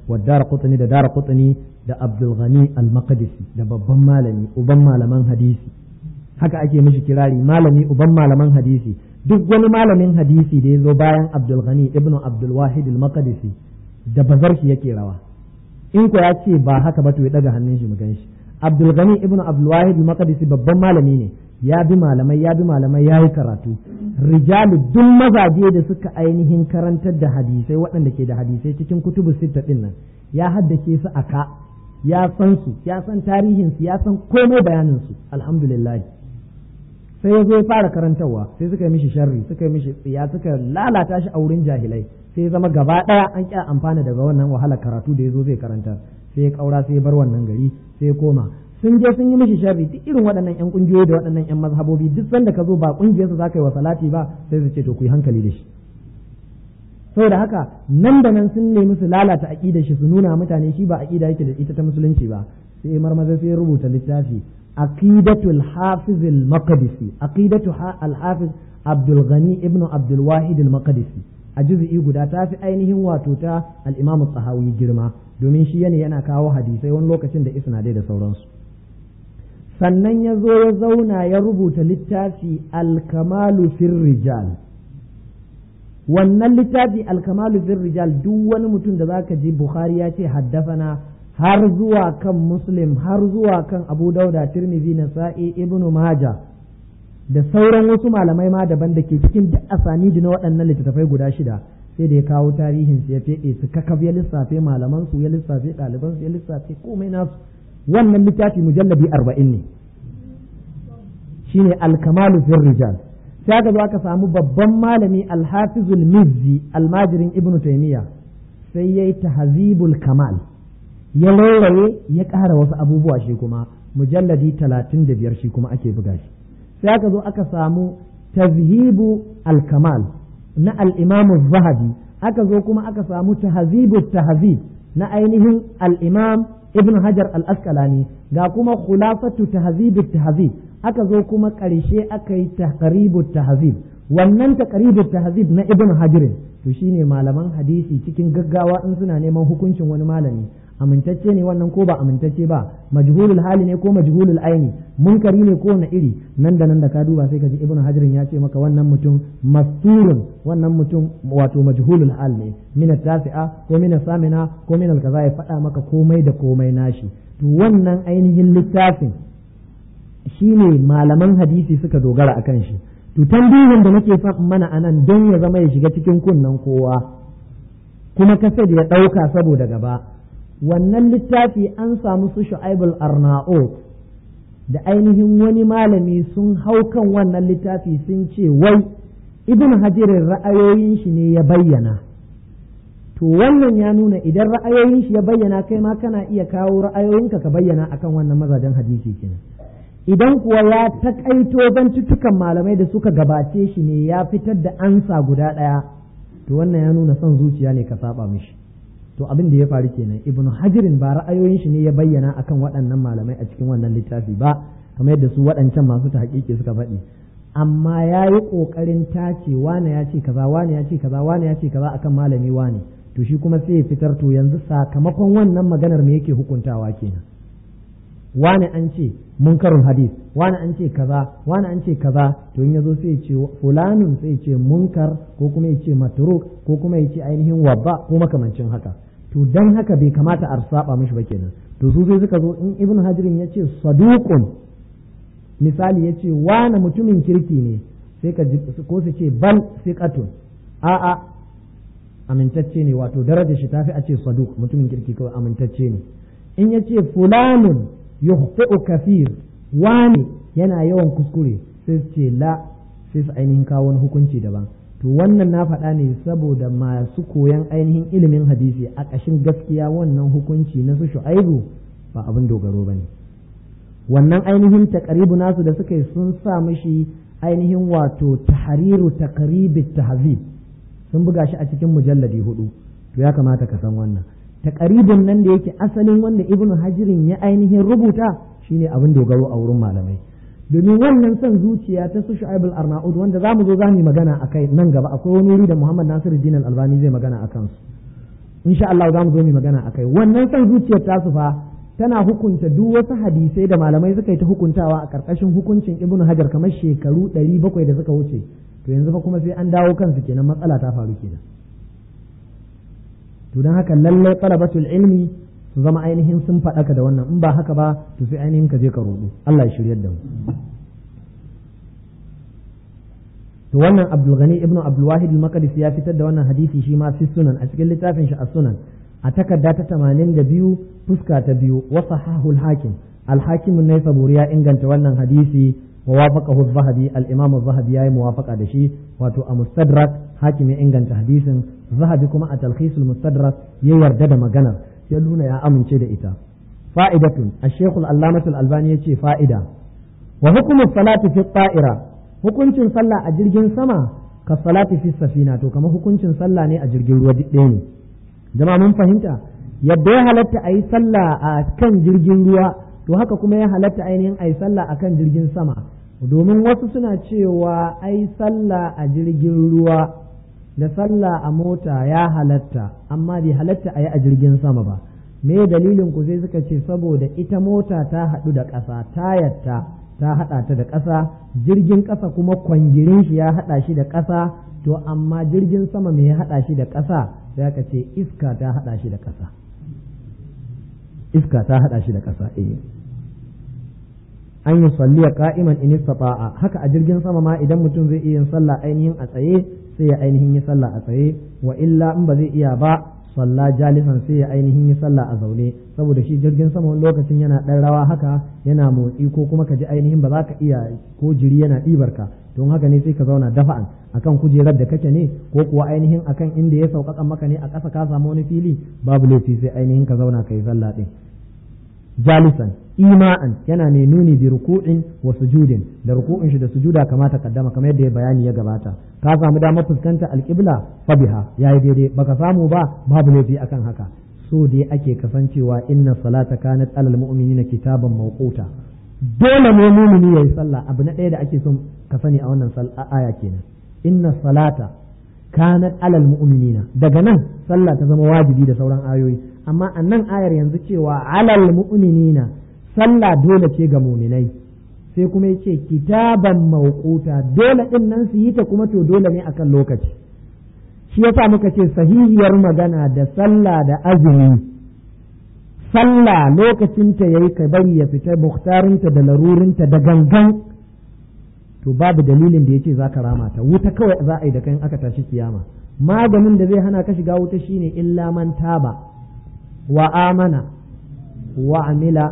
wa qutni da qutni da Abdul Ghani al-Maqdisi da babban malami uban malaman hadisi haka ake mishi kirari malami uban malaman hadisi duk wani malamin hadisi da ya zo bayan Abdul Ghani ibn Abdul Wahid al-Maqdisi da yake rawa in ko ya ce ba haka ba to ya daga hannun shi mu gan shi Abdul Ghani ibn Abdul Wahid maqdisi babban malami ne ya bi malamai ya bi malamai ya yi karatu rijalu duk mazaje da suka ainihin karantar da hadisai waɗanda ke da hadisai cikin kutubu sitta din nan ya haddace su a ka ya san su ya san tarihin su ya san komai bayanin su alhamdulillah sai ya zo ya fara karantarwa sai suka yi mishi sharri suka yi mishi tsiya suka lalata shi a wurin jahilai sai zama gaba ɗaya an ƙi amfana daga wannan wahala karatu da ya zo zai karanta sai ya ƙaura sai ya bar wannan gari sai ya koma sun je sun yi mishi sharri duk irin waɗannan ƴan ƙungiyoyi da waɗannan ƴan mazhabobi duk sanda ka zo ba ƙungiyarsa za ka yi wa salati ba sai su ce to ku yi hankali da shi da haka nan da nan sun nemi su lalata aƙidar shi su nuna mutane shi ba aƙida yake da ita ta musulunci ba sai marmaza sai rubuta littafi aqidatul hafiz al maqdisi aqidatu al hafiz abdul ghani ibnu abdul wahid al maqdisi a juz'i guda ta fi ainihin wato ta al-Imam sahawi girma domin shi yana yana kawo hadisai wani lokacin da isnadai da sauransu sannan ya zo ya zauna ya rubuta littafi al-kamalu rijal wannan littafi al-kamalu rijal duk wani mutum da zaka ji Bukhari ya ce haddafana har zuwa kan Muslim har zuwa kan Abu Dauda Tirmidhi Nasa'i ibnu Majah da sauran wasu malamai ma daban da ke cikin duk da na waɗannan littattafai guda shida sai da ya kawo tarihin su ya feɗe su kakaf ya lissafe malaman su ya lissafe ɗaliban su ya lissafe komai su wannan littafi mujallabi arba'in ne shine alkamalu firrijal rijal sai aka zo aka samu babban malami alhafizul mizzi almajirin ibnu taymiya sai yayi tahzibul kamal ya lauraye ya ƙara wasu abubuwa shi kuma mujalladi talatin da biyar shi kuma ake buga shi sai aka zo aka samu tazhibu al-kamal na al-imam zahabi aka zo kuma aka samu tahzibu tahzib na ainihin al-imam ibn hajar al-asqalani ga kuma khulafatu tahzibu tahzib aka zo kuma ƙarshe aka yi taqribu tahzib wannan taqribu tahzib na ibn hajar to shine malaman hadisi cikin gaggawa in suna neman hukuncin wani malami amintacce ne wannan ko ba amintacce ba majhulul hali ne ko majhulul aini munkari ne ko na iri nan da nan da ka duba sai ka ji ibnu hajarin ya ce maka wannan mutum masturun wannan mutum wato majhulul hal ne min tasi'a ko min samina ko min kaza ya faɗa maka komai da komai nashi to wannan ainihin littafin shine malaman hadisi suka dogara akan shi to tambihin da nake fa mana anan don ya zama ya shiga cikin kunnen kowa kuma da ya ɗauka saboda gaba wannan littafi an samu su shu'aibul arna'ut da ainihin wani malami sun hau kan wannan littafi sun ce wai ibn hajirin ra'ayoyin shi ne ya bayyana to wannan ya nuna idan ra'ayoyin shi ya bayyana kai ma kana iya kawo ra'ayoyinka ka bayyana akan wannan mazajen hadisi kenan idan kuwa ya takaito zantutukan malamai da suka gabace shi ne ya fitar da ansa guda ɗaya to wannan ya nuna son zuciya ne ka saba mishi to abin da ya faru kenan ibn hajirin ba ra'ayoyin shi ne ya bayyana akan waɗannan malamai a cikin wannan littafi ba kamar yadda su waɗancan masu ta hakiki suka faɗi amma ya yi ƙoƙarin tace wane ya ce kaza wane ya ce kaza wane ya ce kaza akan malami wane to shi kuma sai ya fitar to yanzu sakamakon wannan maganar me yake hukuntawa kenan wani an ce munkarul hadis wani an ce kaza wani an ce kaza to in yazo sai ya ce fulanun sai ya ce munkar ko kuma ya ce matruk ko kuma ya ce ainihin wabba ko makamancin haka to dan haka bai kamata a saba mashi ba kenan to su sai suka zo in ibn hajirin ya ce saduqun misali ya ce wane mutumin kirki ne sai ka ko su ce bal siqatun a'a amintacce ne wato darajar shi tafi a ce saduq mutumin kirki kawai amintacce ne in ya ce fulanun yukhti'u kafir wane yana yawan kuskure sai su ce la sai su ainihin kawo wani hukunci daban to wannan na faɗa ne saboda masu koyan ainihin ilimin hadisi a ƙashin gaskiya wannan hukunci na su shu'aibu ba abin dogaro ba ne wannan ainihin takaribu nasu da suka yi sun sa mishi ainihin wato tahariru takaribi tahazi sun buga shi a cikin mujalladi hudu to ya kamata ka san wannan takaribin nan da yake asalin wanda ibnu hajirin ya ainihin rubuta shine abin dogaro a wurin malamai domin wannan son zuciya ta su shu'aib al-arnaud wanda zamu zo zamu magana akai nan gaba akwai wani wuri da Muhammad Nasir Din al-Albani zai magana akan su insha Allah zamu zo mu magana akai wannan son zuciyar ta su fa tana hukunta duk wasu hadisai da malamai suka yi ta hukuntawa a karkashin hukuncin Ibn Hajar kamar shekaru 700 da suka wuce to yanzu fa kuma sai an dawo kansu kenan matsala ta faru kenan to don haka lallai talabatul ilmi su zama ainihin sun faɗaka da wannan in ba haka ba to sai ainihin ka je ka ruɗu Allah ya shiryar da mu to wannan Abdul Ghani ibn Abdul Wahid al-Maqdisi ya fitar da wannan hadisi shi ma fi sunan a cikin littafin shi as-sunan a takarda ta 82 fuska ta biyu wa sahahul hakim al-hakim ne saburi ya inganta wannan hadisi wa wafaqahu az-zahabi al-imam az-zahabi yayi muwafaqa da shi wato a mustadrak hakim ya inganta hadisin zahabi kuma a talkhisul mustadrak ya yarda da maganar ya nuna ya amince da ita fa'idatun ash-shaykh al-allamah ce fa'ida wa hukmu salati fi ta'ira hukuncin sallah a jirgin sama ka salati fi safina to kamar hukuncin sallah ne a jirgin ruwa duk ne jama'a mun fahimta yadda ya halatta a yi sallah a kan jirgin ruwa to haka kuma ya halatta ainihin a yi sallah a kan jirgin sama domin wasu suna cewa ai sallah a jirgin ruwa da sallah a mota ya halatta amma bai halatta a yi a jirgin sama ba me dalilin ku sai suka ce saboda ita mota ta haɗu da ƙasa tayarta ta haɗa ta da ƙasa jirgin ƙasa kuma kwangirin shi ya haɗa shi da ƙasa to amma jirgin sama me ya haɗa shi da ƙasa sai aka ce iska ta haɗa shi da ƙasa iska ta haɗa shi da ƙasa eh an yi salliya ka'iman in istata'a haka a jirgin sama ma idan mutum zai iya yin sallah ainihin a tsaye sai ya ainihin yi sallah a tsaye wa illa in ba zai iya ba sallah jalisan sai ya ainihin yi sallah a zaune saboda shi jirgin sama wani lokacin yana dan rawa haka yana motsi ko kuma ka ji ainihin ba za ka iya ko jiri yana ɗibar ka don haka ne sai ka zauna dafa'an akan kujerar da kake ne ko kuwa ainihin akan inda ya sauƙaƙa maka ne a ƙasa ka samu wani fili babu laifi sai ainihin ka zauna ka yi sallah ɗin jalisan ima'an yana mai nuni bi ruku'in wa sujudin da ruku'in shi da sujuda kamata kaddama kamar yadda bayani ya gabata ka samu damar fuskanta alqibla fa biha yayi daidai baka samu ba babu laifi akan haka so dai ake kasancewa inna salata kanat alal mu'minina kitaban mawquta dole ne mu'mini yayi sallah abu na ɗaya da ake son ka sani a wannan aya kenan inna salata kanat alal mu'minina daga nan sallah ta zama wajibi da sauran ayoyi amma a nan ayar yanzu cewa alal mu'minina sallah dole ce ga muminai sai kuma ya ce kitaban mauquta dole din nan su yi ta kuma to dole ne akan lokaci shi yasa muka ce sahihiyar magana da sallah da azumi sallah lokacinta yayi ka bari ya fita muhtarinta da larurinta da gangan to babu dalilin da yace zaka rama ta wuta kawai za a yi da kai aka tashi kiyama maganin da zai hana ka shiga wuta shine illa man taba wa amana wa amila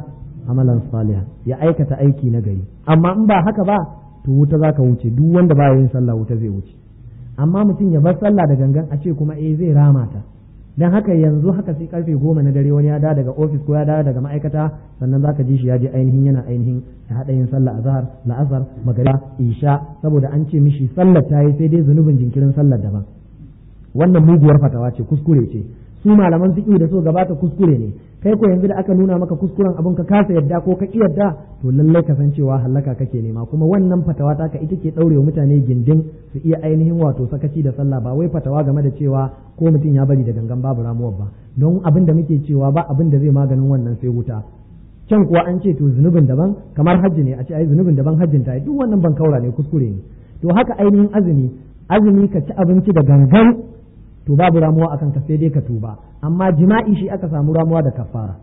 amalan salihan ya aikata aiki na gari amma in ba haka ba to wuta za ka wuce duk wanda ba yin sallah wuta zai wuce amma mutum ya bar sallah da gangan a ce kuma eh zai rama ta dan haka yanzu haka sai karfe goma na dare wani ya dawo daga ofis ko ya dawo daga ma'aikata sannan zaka ji shi ya je ainihin yana ainihin ya hada yin sallah azhar la'asar magariba isha saboda an ce mishi sallar ta yi sai dai zunubin jinkirin sallar daban wannan muguwar fatawa ce kuskure ce su malaman fiqh da so gabata kuskure ne kai ko yanzu da aka nuna maka kuskuren abun ka kasa yadda ko ka ki yadda to lallai ka san cewa halaka kake nema kuma wannan fatawa ta ka ita ke daurewa mutane gindin su iya ainihin wato sakaci da sallah ba wai fatawa game da cewa ko mutum ya bari da gangan babu ramuwar ba don abin da muke cewa ba abin da zai maganin wannan sai wuta can kuwa an ce to zunubin daban kamar hajji ne a ce ai zunubin daban hajjin ta duk wannan ban kaura ne kuskure ne to haka ainihin azumi azumi ka ci abinci da gangan to babu ramuwa akan ka sai dai ka tuba amma jima'i shi aka samu ramuwa da kafara